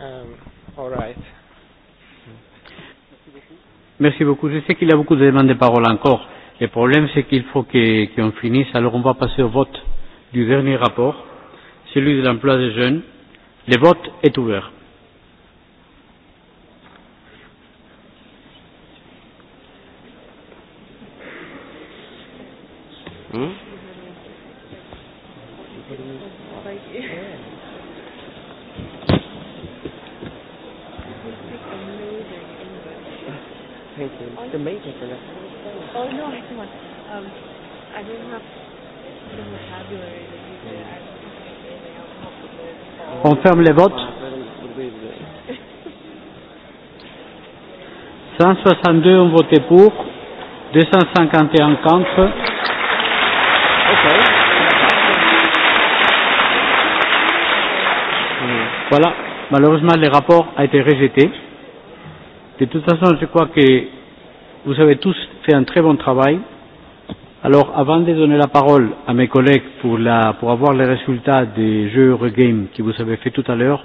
Um, all right. Merci beaucoup. Je sais qu'il y a beaucoup de demandes de parole encore. Le problème, c'est qu'il faut qu'on finisse. Alors, on va passer au vote du dernier rapport celui de l'emploi des jeunes. Le vote est ouvert. Hmm? Thank you. Oh no, I didn't have the vocabulary that you On ferme les votes. 162 ont voté pour, 251 contre. Voilà, malheureusement le rapport a été rejeté. De toute façon, je crois que vous avez tous fait un très bon travail. Alors, avant de donner la parole à mes collègues pour, la, pour avoir les résultats des jeux Eurogame que vous avez fait tout à l'heure,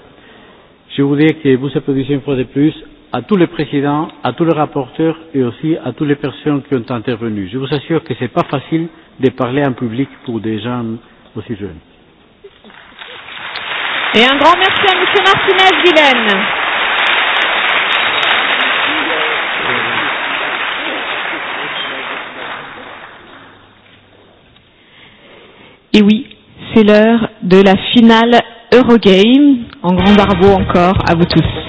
je voudrais que vous applaudissiez une fois de plus à tous les présidents, à tous les rapporteurs et aussi à toutes les personnes qui ont intervenu. Je vous assure que ce n'est pas facile de parler en public pour des gens aussi jeunes. Et un grand merci à M. Martinez guilaine Et oui, c'est l'heure de la finale Eurogame. En grand barbeau encore à vous tous.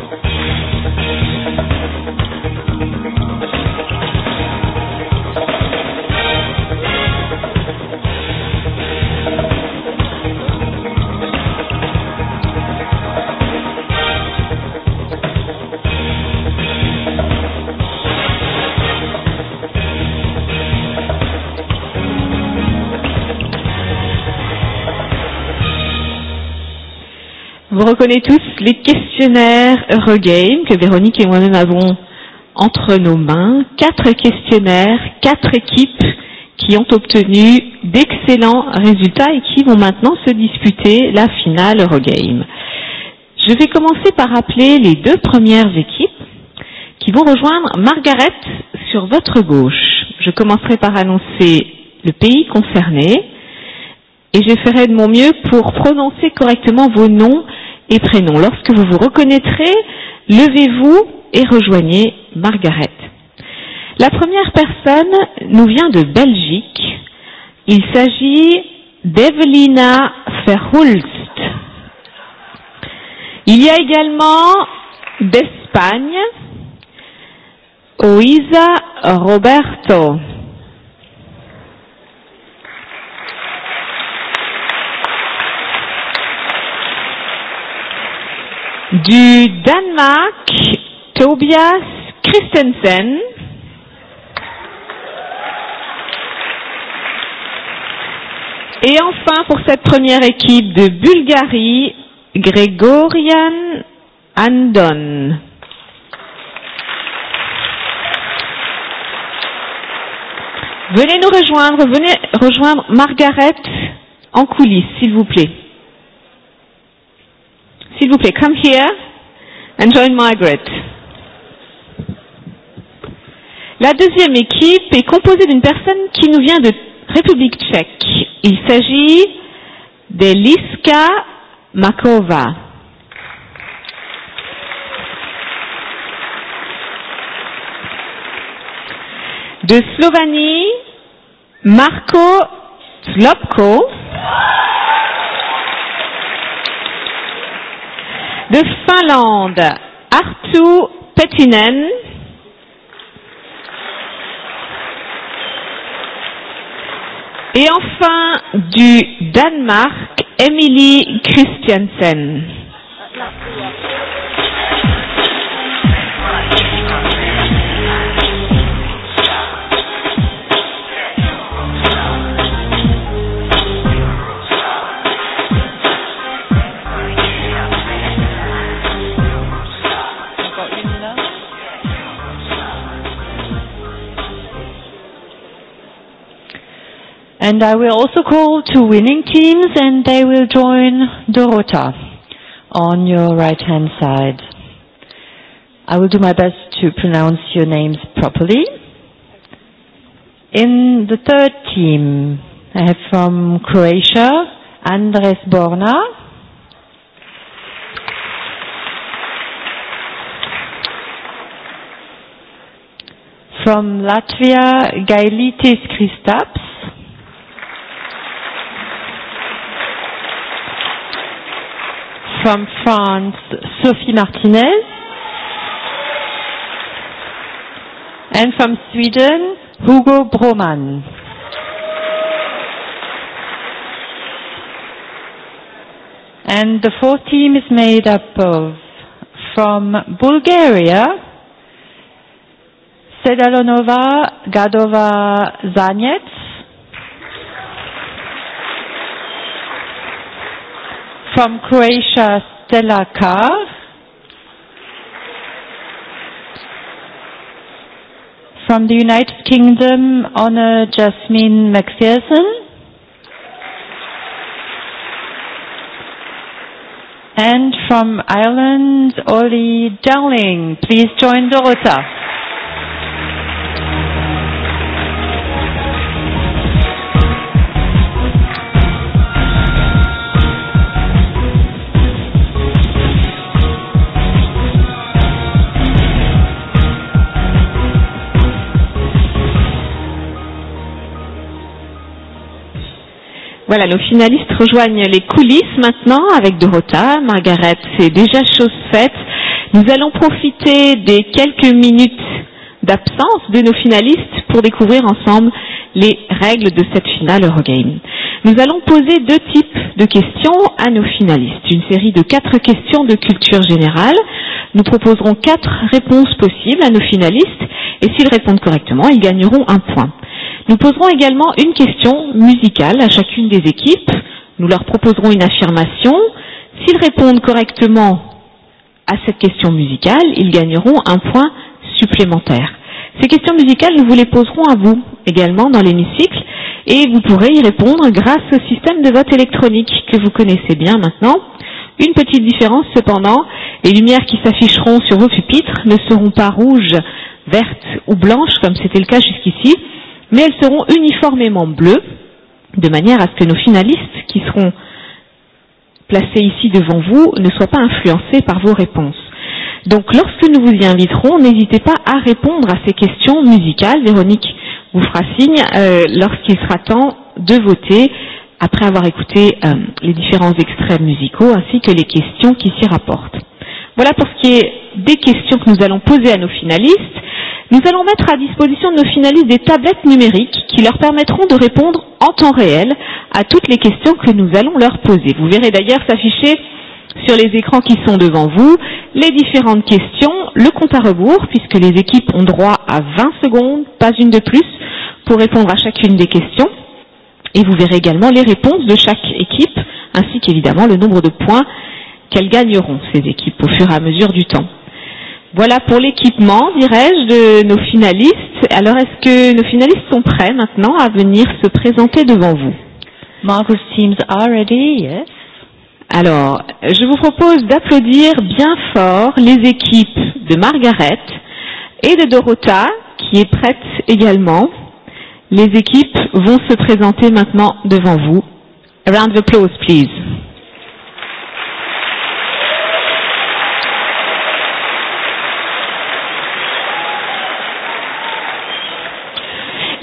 reconnaît tous les questionnaires Eurogame que Véronique et moi-même avons entre nos mains. Quatre questionnaires, quatre équipes qui ont obtenu d'excellents résultats et qui vont maintenant se disputer la finale Eurogame. Je vais commencer par appeler les deux premières équipes qui vont rejoindre Margaret sur votre gauche. Je commencerai par annoncer le pays concerné et je ferai de mon mieux pour prononcer correctement vos noms et prénom. Lorsque vous vous reconnaîtrez, levez-vous et rejoignez Margaret. La première personne nous vient de Belgique. Il s'agit d'Evelina Verhulst. Il y a également d'Espagne, Oisa Roberto. du Danemark, Tobias Christensen. Et enfin, pour cette première équipe de Bulgarie, Grégorian Andon. Venez nous rejoindre, venez rejoindre Margaret en coulisses, s'il vous plaît. S'il vous plaît, come here and join Margaret. La deuxième équipe est composée d'une personne qui nous vient de République tchèque. Il s'agit d'Eliska Makova. De Slovanie, Marko Slopko. de Finlande, Artu Petinen. Et enfin, du Danemark, Emily Christiansen. And I will also call two winning teams and they will join Dorota on your right hand side. I will do my best to pronounce your names properly. In the third team, I have from Croatia, Andres Borna. From Latvia, Gailitis Kristaps. from France, Sophie Martinez. And from Sweden, Hugo Broman. And the fourth team is made up of, from Bulgaria, Sedalonova Gadova Zanets, from Croatia, Stella Kar. From the United Kingdom, Honor Jasmine McPherson. And from Ireland, Ollie Darling. Please join Dorota. Voilà, nos finalistes rejoignent les coulisses maintenant avec Dorota. Margaret, c'est déjà chose faite. Nous allons profiter des quelques minutes d'absence de nos finalistes pour découvrir ensemble les règles de cette finale Eurogame. Nous allons poser deux types de questions à nos finalistes. Une série de quatre questions de culture générale. Nous proposerons quatre réponses possibles à nos finalistes et s'ils répondent correctement, ils gagneront un point. Nous poserons également une question musicale à chacune des équipes. Nous leur proposerons une affirmation. S'ils répondent correctement à cette question musicale, ils gagneront un point supplémentaire. Ces questions musicales, nous vous les poserons à vous également dans l'hémicycle et vous pourrez y répondre grâce au système de vote électronique que vous connaissez bien maintenant. Une petite différence cependant, les lumières qui s'afficheront sur vos pupitres ne seront pas rouges, vertes ou blanches comme c'était le cas jusqu'ici, mais elles seront uniformément bleues, de manière à ce que nos finalistes qui seront placés ici devant vous ne soient pas influencés par vos réponses. Donc lorsque nous vous y inviterons, n'hésitez pas à répondre à ces questions musicales. Véronique vous fera signe lorsqu'il sera temps de voter après avoir écouté les différents extraits musicaux ainsi que les questions qui s'y rapportent. Voilà pour ce qui est des questions que nous allons poser à nos finalistes. Nous allons mettre à disposition de nos finalistes des tablettes numériques qui leur permettront de répondre en temps réel à toutes les questions que nous allons leur poser. Vous verrez d'ailleurs s'afficher sur les écrans qui sont devant vous les différentes questions, le compte à rebours, puisque les équipes ont droit à 20 secondes, pas une de plus, pour répondre à chacune des questions. Et vous verrez également les réponses de chaque équipe, ainsi qu'évidemment le nombre de points qu'elles gagneront, ces équipes, au fur et à mesure du temps. Voilà pour l'équipement, dirais-je, de nos finalistes. Alors, est-ce que nos finalistes sont prêts maintenant à venir se présenter devant vous Margaret teams are ready, yes. Alors, je vous propose d'applaudir bien fort les équipes de Margaret et de Dorota, qui est prête également. Les équipes vont se présenter maintenant devant vous. round of applause, please.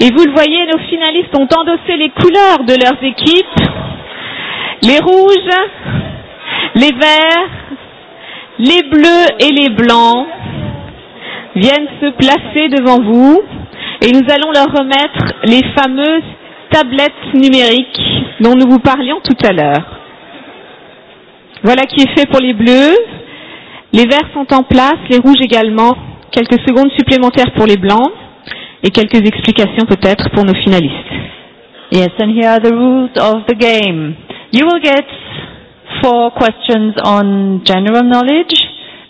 Et vous le voyez, nos finalistes ont endossé les couleurs de leurs équipes. Les rouges, les verts, les bleus et les blancs viennent se placer devant vous. Et nous allons leur remettre les fameuses tablettes numériques dont nous vous parlions tout à l'heure. Voilà qui est fait pour les bleus. Les verts sont en place, les rouges également. Quelques secondes supplémentaires pour les blancs et quelques explications peut-être pour nos finalistes. Yes, and here are the rules of the game. You will get four questions on general knowledge,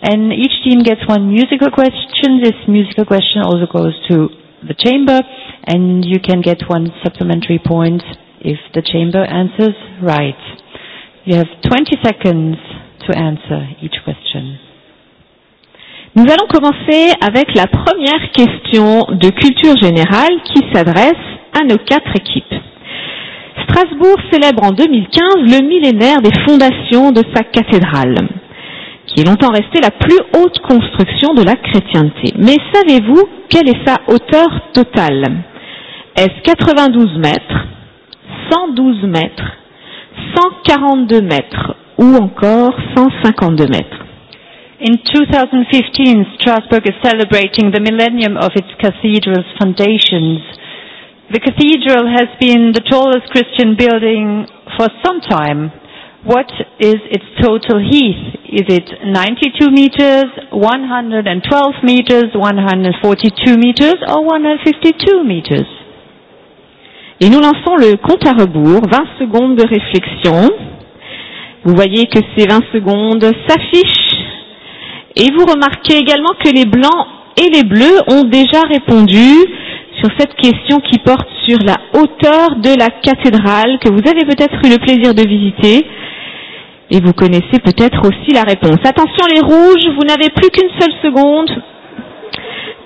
and each team gets one musical question. This musical question also goes to the chamber, and you can get one supplementary point if the chamber answers right. You have 20 seconds to answer each question. Nous allons commencer avec la première question de culture générale qui s'adresse à nos quatre équipes. Strasbourg célèbre en 2015 le millénaire des fondations de sa cathédrale, qui est longtemps restée la plus haute construction de la chrétienté. Mais savez-vous quelle est sa hauteur totale Est-ce 92 mètres, 112 mètres, 142 mètres ou encore 152 mètres In 2015, Strasbourg is celebrating the millennium of its cathedral's foundations. The cathedral has been the tallest Christian building for some time. What is its total height? Is it 92 meters, 112 meters, 142 meters or 152 meters? Et nous lançons le compte à rebours, 20 secondes de réflexion. Vous voyez que ces 20 secondes s'affichent Et vous remarquez également que les blancs et les bleus ont déjà répondu sur cette question qui porte sur la hauteur de la cathédrale que vous avez peut-être eu le plaisir de visiter. Et vous connaissez peut-être aussi la réponse. Attention les rouges, vous n'avez plus qu'une seule seconde.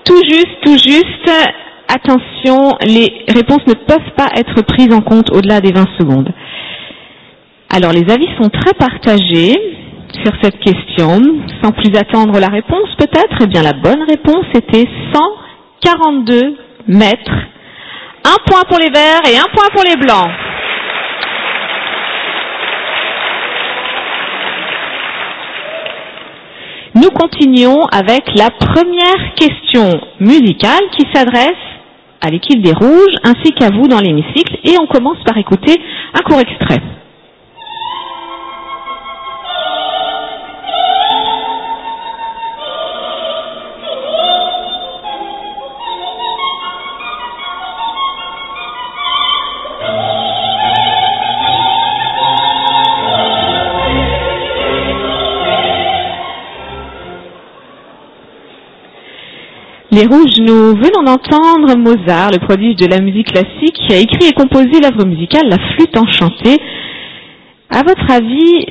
Tout juste, tout juste. Attention, les réponses ne peuvent pas être prises en compte au-delà des 20 secondes. Alors les avis sont très partagés sur cette question. Sans plus attendre la réponse, peut-être, eh bien, la bonne réponse était 142 mètres. Un point pour les verts et un point pour les blancs. Nous continuons avec la première question musicale qui s'adresse à l'équipe des rouges ainsi qu'à vous dans l'hémicycle et on commence par écouter un court extrait. Les Rouges, nous venons d'entendre Mozart, le prodige de la musique classique, qui a écrit et composé l'œuvre musicale La Flûte enchantée. À votre avis,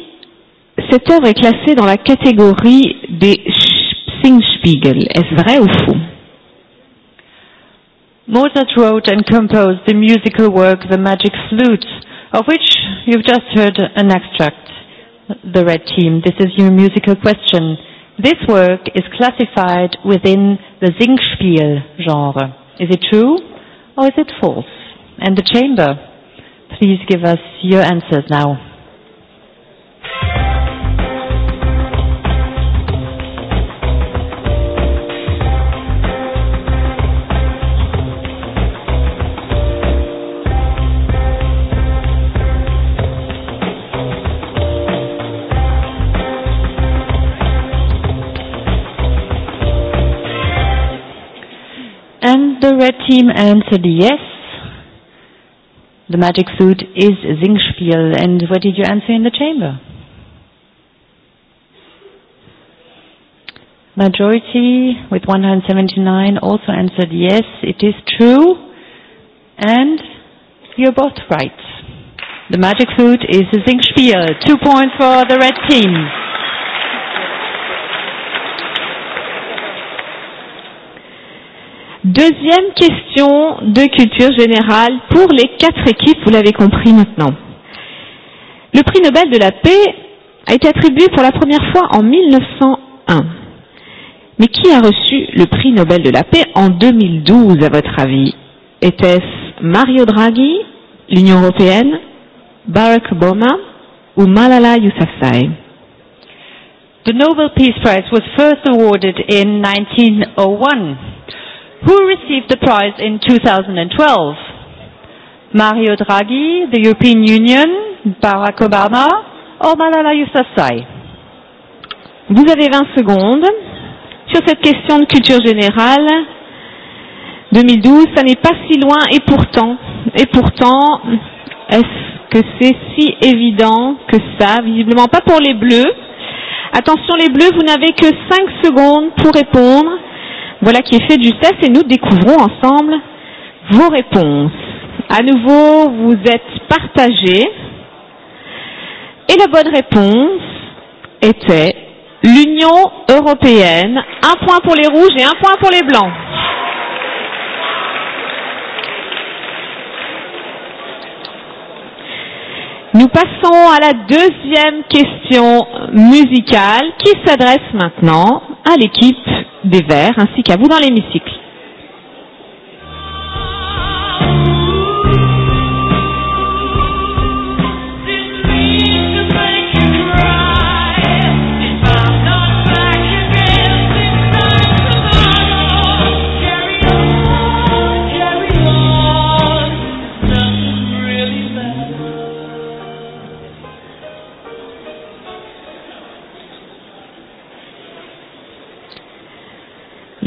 cette œuvre est classée dans la catégorie des Singspiegel. Est-ce vrai ou faux? Mozart wrote and composed the musical work The Magic Flute, of which you've just heard an extract. The Red Team, this is your musical question. This work is classified within the Singspiel genre. Is it true or is it false? And the chamber, please give us your answers now. team answered yes. The magic food is Zingspiel. And what did you answer in the chamber? Majority with 179 also answered yes, it is true. And you're both right. The magic food is a Singspiel. Two points for the red team. Deuxième question de culture générale pour les quatre équipes, vous l'avez compris maintenant. Le prix Nobel de la paix a été attribué pour la première fois en 1901. Mais qui a reçu le prix Nobel de la paix en 2012 à votre avis Était-ce Mario Draghi, l'Union européenne, Barack Obama ou Malala Yousafzai The Nobel Peace Prize was first awarded in 1901. Who received the prize in 2012? Mario Draghi, the European Union, Barack Obama or Malala Yousafzai? Vous avez 20 secondes. Sur cette question de culture générale, 2012, ça n'est pas si loin et pourtant, et pourtant, est-ce que c'est si évident que ça Visiblement pas pour les bleus. Attention les bleus, vous n'avez que 5 secondes pour répondre. Voilà qui est fait du test et nous découvrons ensemble vos réponses. À nouveau, vous êtes partagés. Et la bonne réponse était l'Union européenne. Un point pour les rouges et un point pour les blancs. Nous passons à la deuxième question musicale qui s'adresse maintenant à l'équipe des verts, ainsi qu'à vous dans l'hémicycle.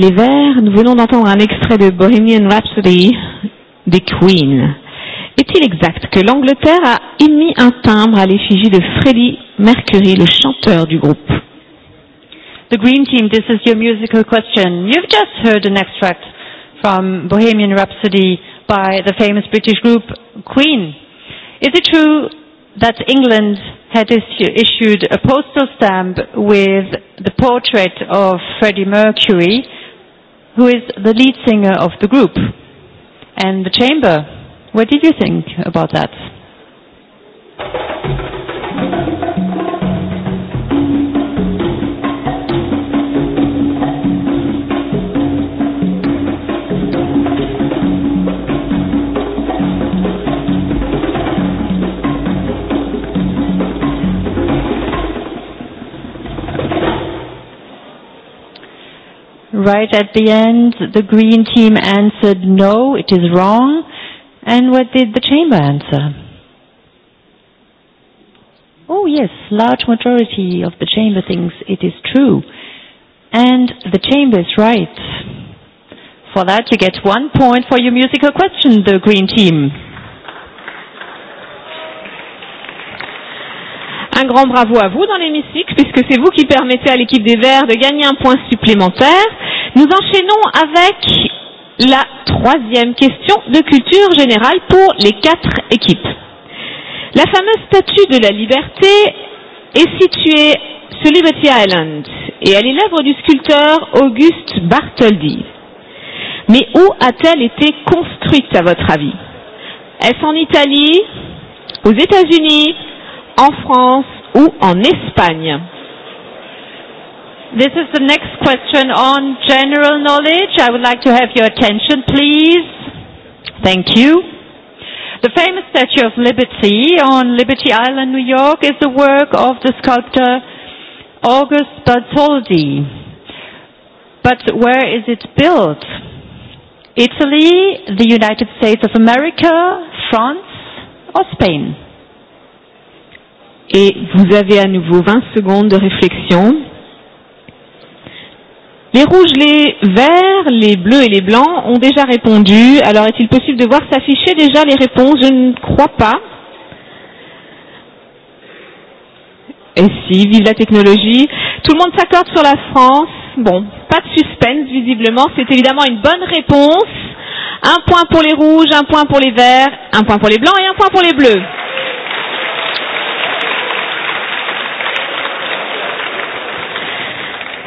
Les Verts, nous venons d'entendre un extrait de Bohemian Rhapsody des Queen. Est-il exact que l'Angleterre a émis un timbre à l'effigie de Freddie Mercury, le chanteur du groupe The Green Team, this is your musical question. You've just heard an extract from Bohemian Rhapsody by the famous British group Queen. Is it true that England had issued a postal stamp with the portrait of Freddie Mercury who is the lead singer of the group. And the chamber, what did you think about that? Right at the end, the Green team answered no, it is wrong. And what did the Chamber answer? Oh yes, large majority of the Chamber thinks it is true. And the Chamber is right. For that you get one point for your musical question, the Green team. un grand bravo à vous dans l'hémicycle, puisque c'est vous qui permettez à l'équipe des Verts de gagner un point supplémentaire. Nous enchaînons avec la troisième question de culture générale pour les quatre équipes. La fameuse statue de la liberté est située sur Liberty Island et elle est l'œuvre du sculpteur Auguste Bartholdi. Mais où a-t-elle été construite à votre avis Est-ce en Italie Aux États-Unis en France ou en Espagne. This is the next question on general knowledge. I would like to have your attention, please. Thank you. The famous Statue of Liberty on Liberty Island, New York, is the work of the sculptor Auguste Bartholdi. But where is it built? Italy, the United States of America, France, or Spain? et vous avez à nouveau 20 secondes de réflexion. Les rouges, les verts, les bleus et les blancs ont déjà répondu. Alors est-il possible de voir s'afficher déjà les réponses Je ne crois pas. Et si, vive la technologie. Tout le monde s'accorde sur la France. Bon, pas de suspense visiblement. C'est évidemment une bonne réponse. Un point pour les rouges, un point pour les verts, un point pour les blancs et un point pour les bleus.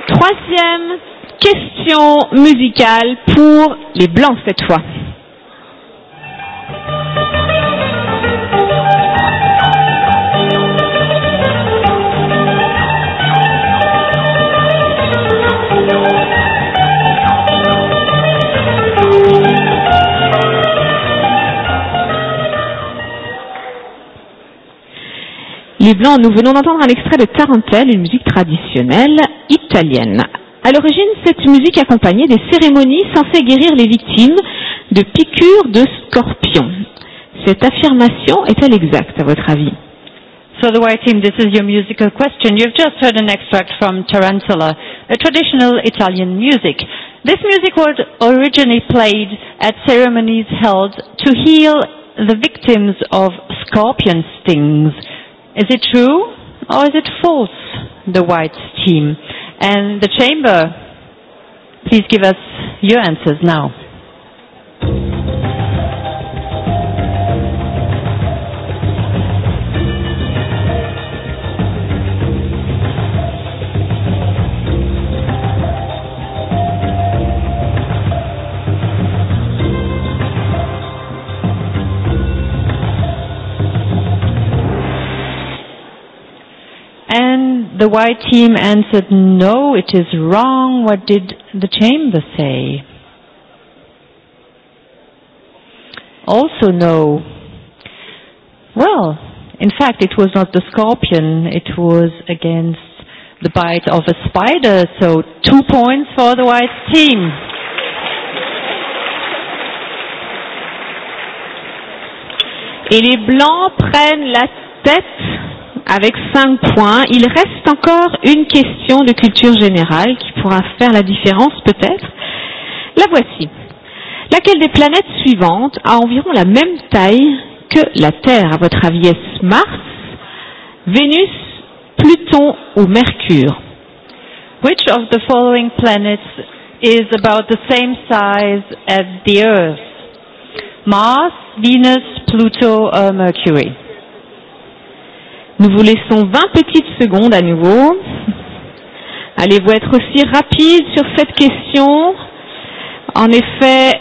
troisième question musicale pour les blancs cette fois. Les Blancs, nous venons d'entendre un extrait de Tarantelle, une musique traditionnelle italienne. À l'origine, cette musique accompagnait des cérémonies censées guérir les victimes de piqûres de scorpions. Cette affirmation est-elle exacte, à votre avis So the white team, this is your musical question. You've just heard an extract from Tarantella, a traditional Italian music. This music was originally played at ceremonies held to heal the victims of scorpion stings. Is it true or is it false, the white team? And the chamber, please give us your answers now. the white team answered, no, it is wrong. What did the chamber say? Also no. Well, in fact, it was not the scorpion. It was against the bite of a spider. So two points for the white team. Et les blancs prennent la tête avec cinq points. Il reste encore une question de culture générale qui pourra faire la différence peut-être. La voici. Laquelle des planètes suivantes a environ la même taille que la Terre À votre avis, est-ce Mars, Vénus, Pluton ou Mercure Which of the following planets is about the same size as the Earth Mars, Venus, Pluto or Mercury Nous vous laissons 20 petites secondes à nouveau. Allez-vous être aussi rapide sur cette question En effet,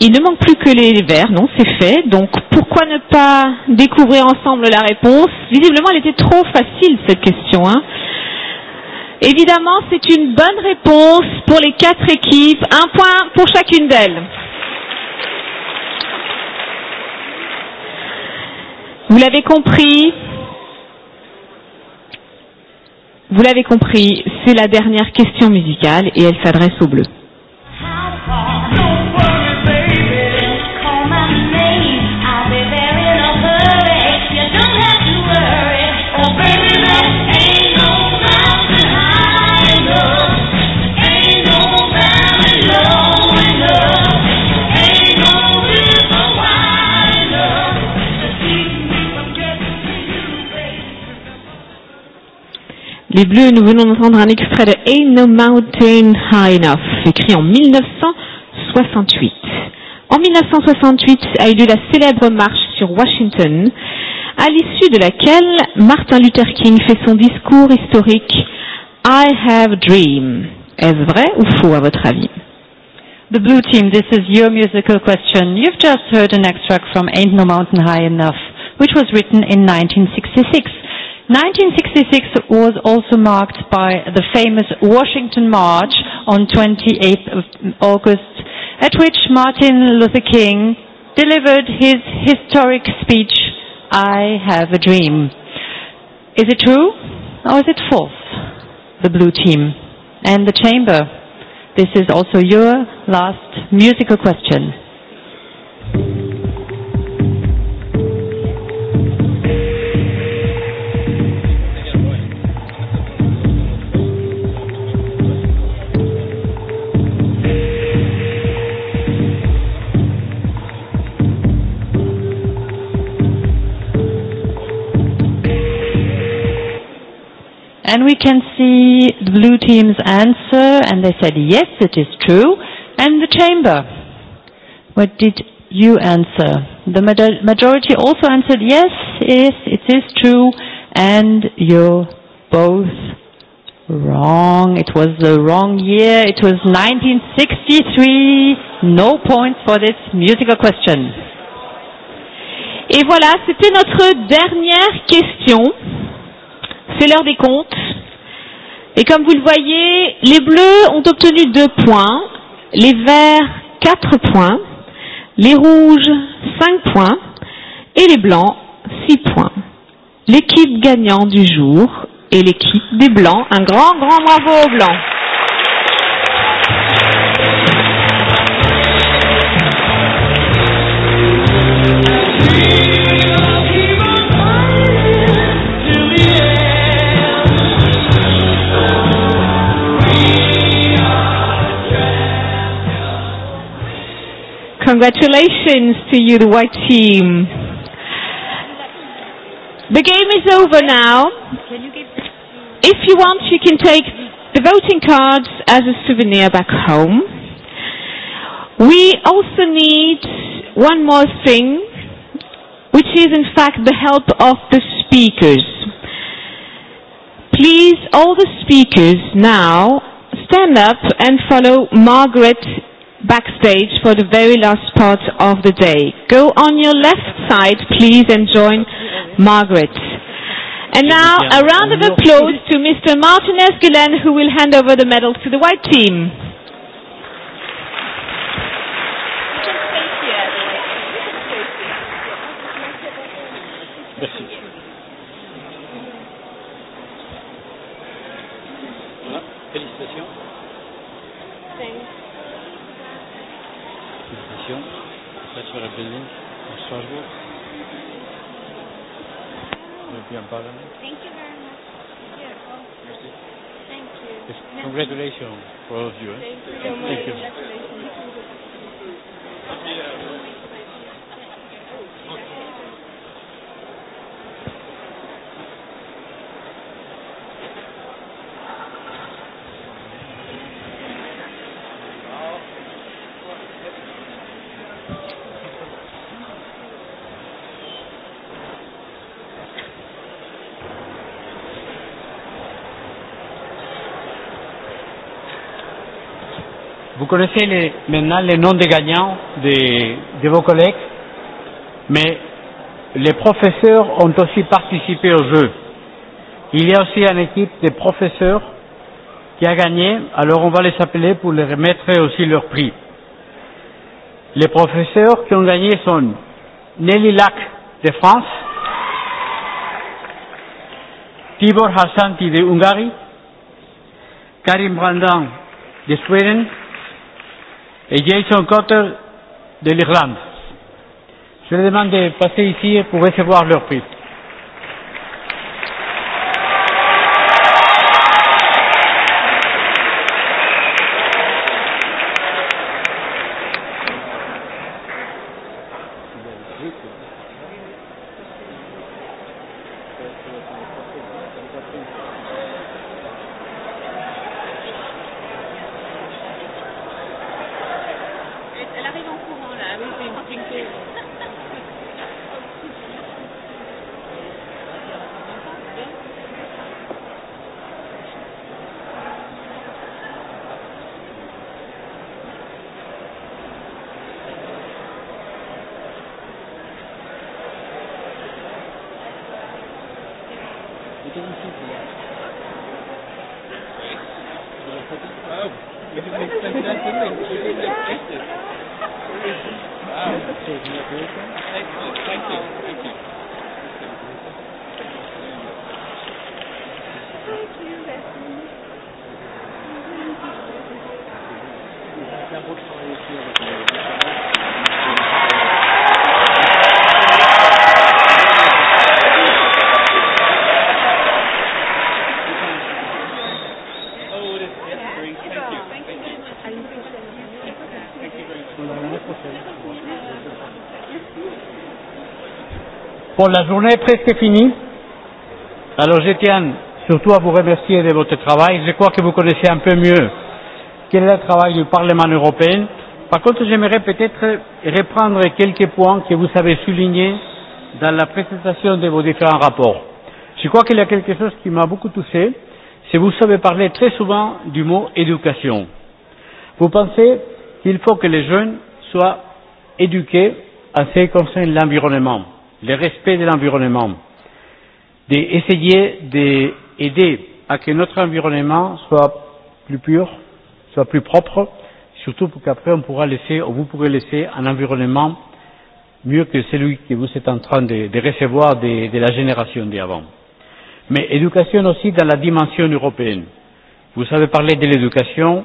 il ne manque plus que les verts, non, c'est fait. Donc pourquoi ne pas découvrir ensemble la réponse Visiblement, elle était trop facile, cette question. Hein. Évidemment, c'est une bonne réponse pour les quatre équipes, un point pour chacune d'elles. Vous l'avez compris, Vous l'avez compris, c'est la dernière question musicale et elle s'adresse au bleu. Les Bleus, nous venons d'entendre un extrait de Ain't No Mountain High Enough, écrit en 1968. En 1968 a eu lieu la célèbre marche sur Washington, à l'issue de laquelle Martin Luther King fait son discours historique I Have a Dream. Est-ce vrai ou faux à votre avis The Blue Team, this is your musical question. You've just heard an extract from Ain't No Mountain High Enough, which was written in 1966. 1966 was also marked by the famous Washington March on 28th of August, at which Martin Luther King delivered his historic speech, I Have a Dream. Is it true or is it false? The blue team and the chamber. This is also your last musical question. And we can see the blue team's answer, and they said, yes, it is true. And the chamber, what did you answer? The majority also answered, yes, yes, it is true. And you're both wrong. It was the wrong year. It was 1963. No points for this musical question. Et voilà, c'était notre dernière question. C'est l'heure des comptes. Et comme vous le voyez, les bleus ont obtenu 2 points, les verts 4 points, les rouges 5 points et les blancs 6 points. L'équipe gagnante du jour est l'équipe des blancs. Un grand, grand bravo aux blancs. Congratulations to you, the white team. The game is over now. If you want, you can take the voting cards as a souvenir back home. We also need one more thing, which is in fact the help of the speakers. Please, all the speakers now, stand up and follow Margaret backstage for the very last part of the day. Go on your left side, please, and join Margaret. And now, a round of applause to Mr. Martinez Gulen, who will hand over the medal to the white team. Thank you very much. Thank you. Congratulations for all of you. Thank you. Vous connaissez les, maintenant les noms des gagnants de, de vos collègues, mais les professeurs ont aussi participé au jeu. Il y a aussi une équipe de professeurs qui a gagné, alors on va les appeler pour les remettre aussi leur prix. Les professeurs qui ont gagné sont Nelly Lac de France, Tibor Hassanti de Hongrie, Karim Brandan de Sweden et Jason Cotter de l'Irlande. Je leur demande de passer ici pour recevoir leur prix. Bon, la journée est presque finie. Alors je tiens surtout à vous remercier de votre travail. Je crois que vous connaissez un peu mieux quel est le travail du Parlement européen. Par contre, j'aimerais peut-être reprendre quelques points que vous avez soulignés dans la présentation de vos différents rapports. Je crois qu'il y a quelque chose qui m'a beaucoup touché, c'est que vous savez parler très souvent du mot éducation. Vous pensez qu'il faut que les jeunes soient éduqués à ce qui concerne l'environnement le respect de l'environnement, d'essayer d'aider à que notre environnement soit plus pur, soit plus propre, surtout pour qu'après on pourra laisser, ou vous pourrez laisser un environnement mieux que celui que vous êtes en train de, de recevoir de, de la génération d'avant. Mais éducation aussi dans la dimension européenne. Vous avez parlé de l'éducation,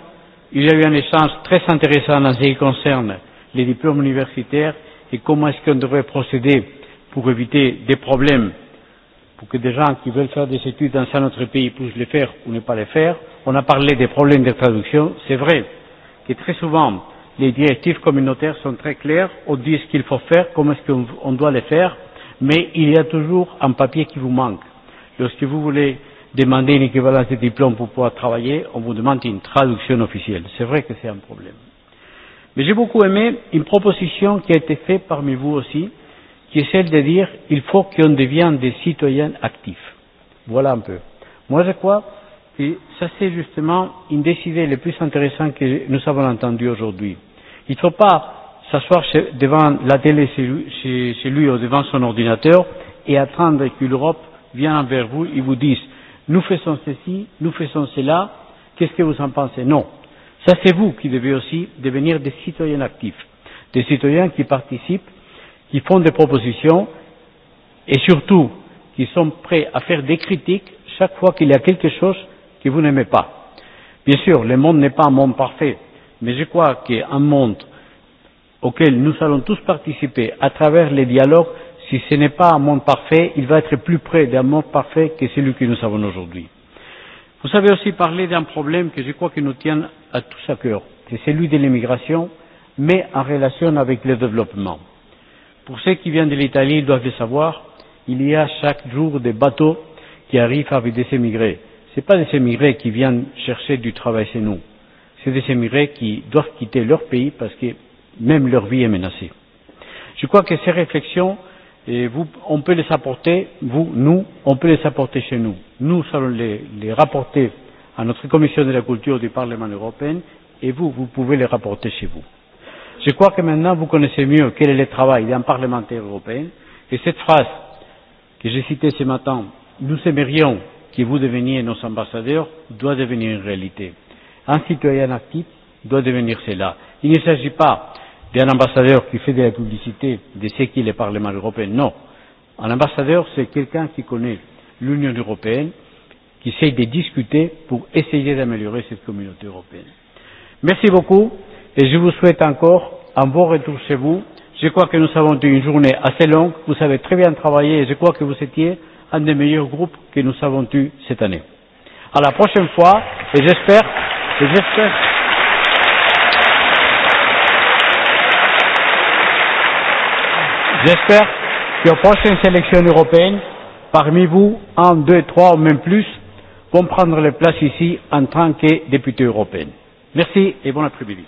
il y a eu un échange très intéressant en ce qui concerne les diplômes universitaires et comment est-ce qu'on devrait procéder pour éviter des problèmes, pour que des gens qui veulent faire des études dans un autre pays puissent les faire ou ne pas les faire. On a parlé des problèmes de traduction. C'est vrai que très souvent, les directives communautaires sont très claires. On dit ce qu'il faut faire, comment est-ce qu'on doit les faire, mais il y a toujours un papier qui vous manque. Lorsque vous voulez demander une équivalence de diplôme pour pouvoir travailler, on vous demande une traduction officielle. C'est vrai que c'est un problème. Mais j'ai beaucoup aimé une proposition qui a été faite parmi vous aussi, qui est celle de dire il faut qu'on devienne des citoyens actifs. Voilà un peu. Moi je crois que ça c'est justement une des idées les plus intéressantes que nous avons entendues aujourd'hui. Il ne faut pas s'asseoir devant la télé chez, lui ou devant son ordinateur et attendre que l'Europe vienne vers vous et vous dise nous faisons ceci, nous faisons cela, qu'est-ce que vous en pensez Non. Ça c'est vous qui devez aussi devenir des citoyens actifs, des citoyens qui participent qui font des propositions et surtout qui sont prêts à faire des critiques chaque fois qu'il y a quelque chose que vous n'aimez pas. Bien sûr, le monde n'est pas un monde parfait, mais je crois qu'un monde auquel nous allons tous participer à travers les dialogues, si ce n'est pas un monde parfait, il va être plus près d'un monde parfait que celui que nous avons aujourd'hui. Vous avez aussi parlé d'un problème que je crois qu'il nous tient à tous à cœur, c'est celui de l'immigration, mais en relation avec le développement. Pour ceux qui viennent de l'Italie, ils doivent le savoir, il y a chaque jour des bateaux qui arrivent avec des émigrés. Ce ne pas des émigrés qui viennent chercher du travail chez nous. C'est des émigrés qui doivent quitter leur pays parce que même leur vie est menacée. Je crois que ces réflexions, et vous, on peut les apporter, vous, nous, on peut les apporter chez nous. Nous allons les, les rapporter à notre commission de la culture du Parlement européen et vous, vous pouvez les rapporter chez vous. Je crois que maintenant vous connaissez mieux quel est le travail d'un parlementaire européen. Et cette phrase que j'ai citée ce matin, nous aimerions que vous deveniez nos ambassadeurs, doit devenir une réalité. Un citoyen actif doit devenir cela. Il ne s'agit pas d'un ambassadeur qui fait de la publicité de ce qu'est le Parlement européen. Non. Un ambassadeur, c'est quelqu'un qui connaît l'Union européenne, qui essaye de discuter pour essayer d'améliorer cette communauté européenne. Merci beaucoup et je vous souhaite encore un bon retour chez vous. Je crois que nous avons eu une journée assez longue. Vous avez très bien travaillé et je crois que vous étiez un des meilleurs groupes que nous avons eu cette année. À la prochaine fois et j'espère, et j'espère. J'espère qu'aux prochaines élections européennes, parmi vous, un, deux, trois ou même plus, vont prendre les places ici en tant que députés européens. Merci et bon après-midi.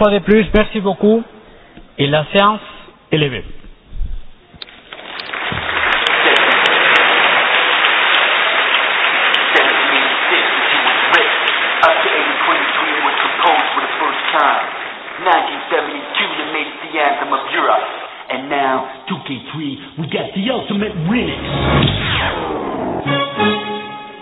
fois de plus, merci beaucoup et la séance est levée.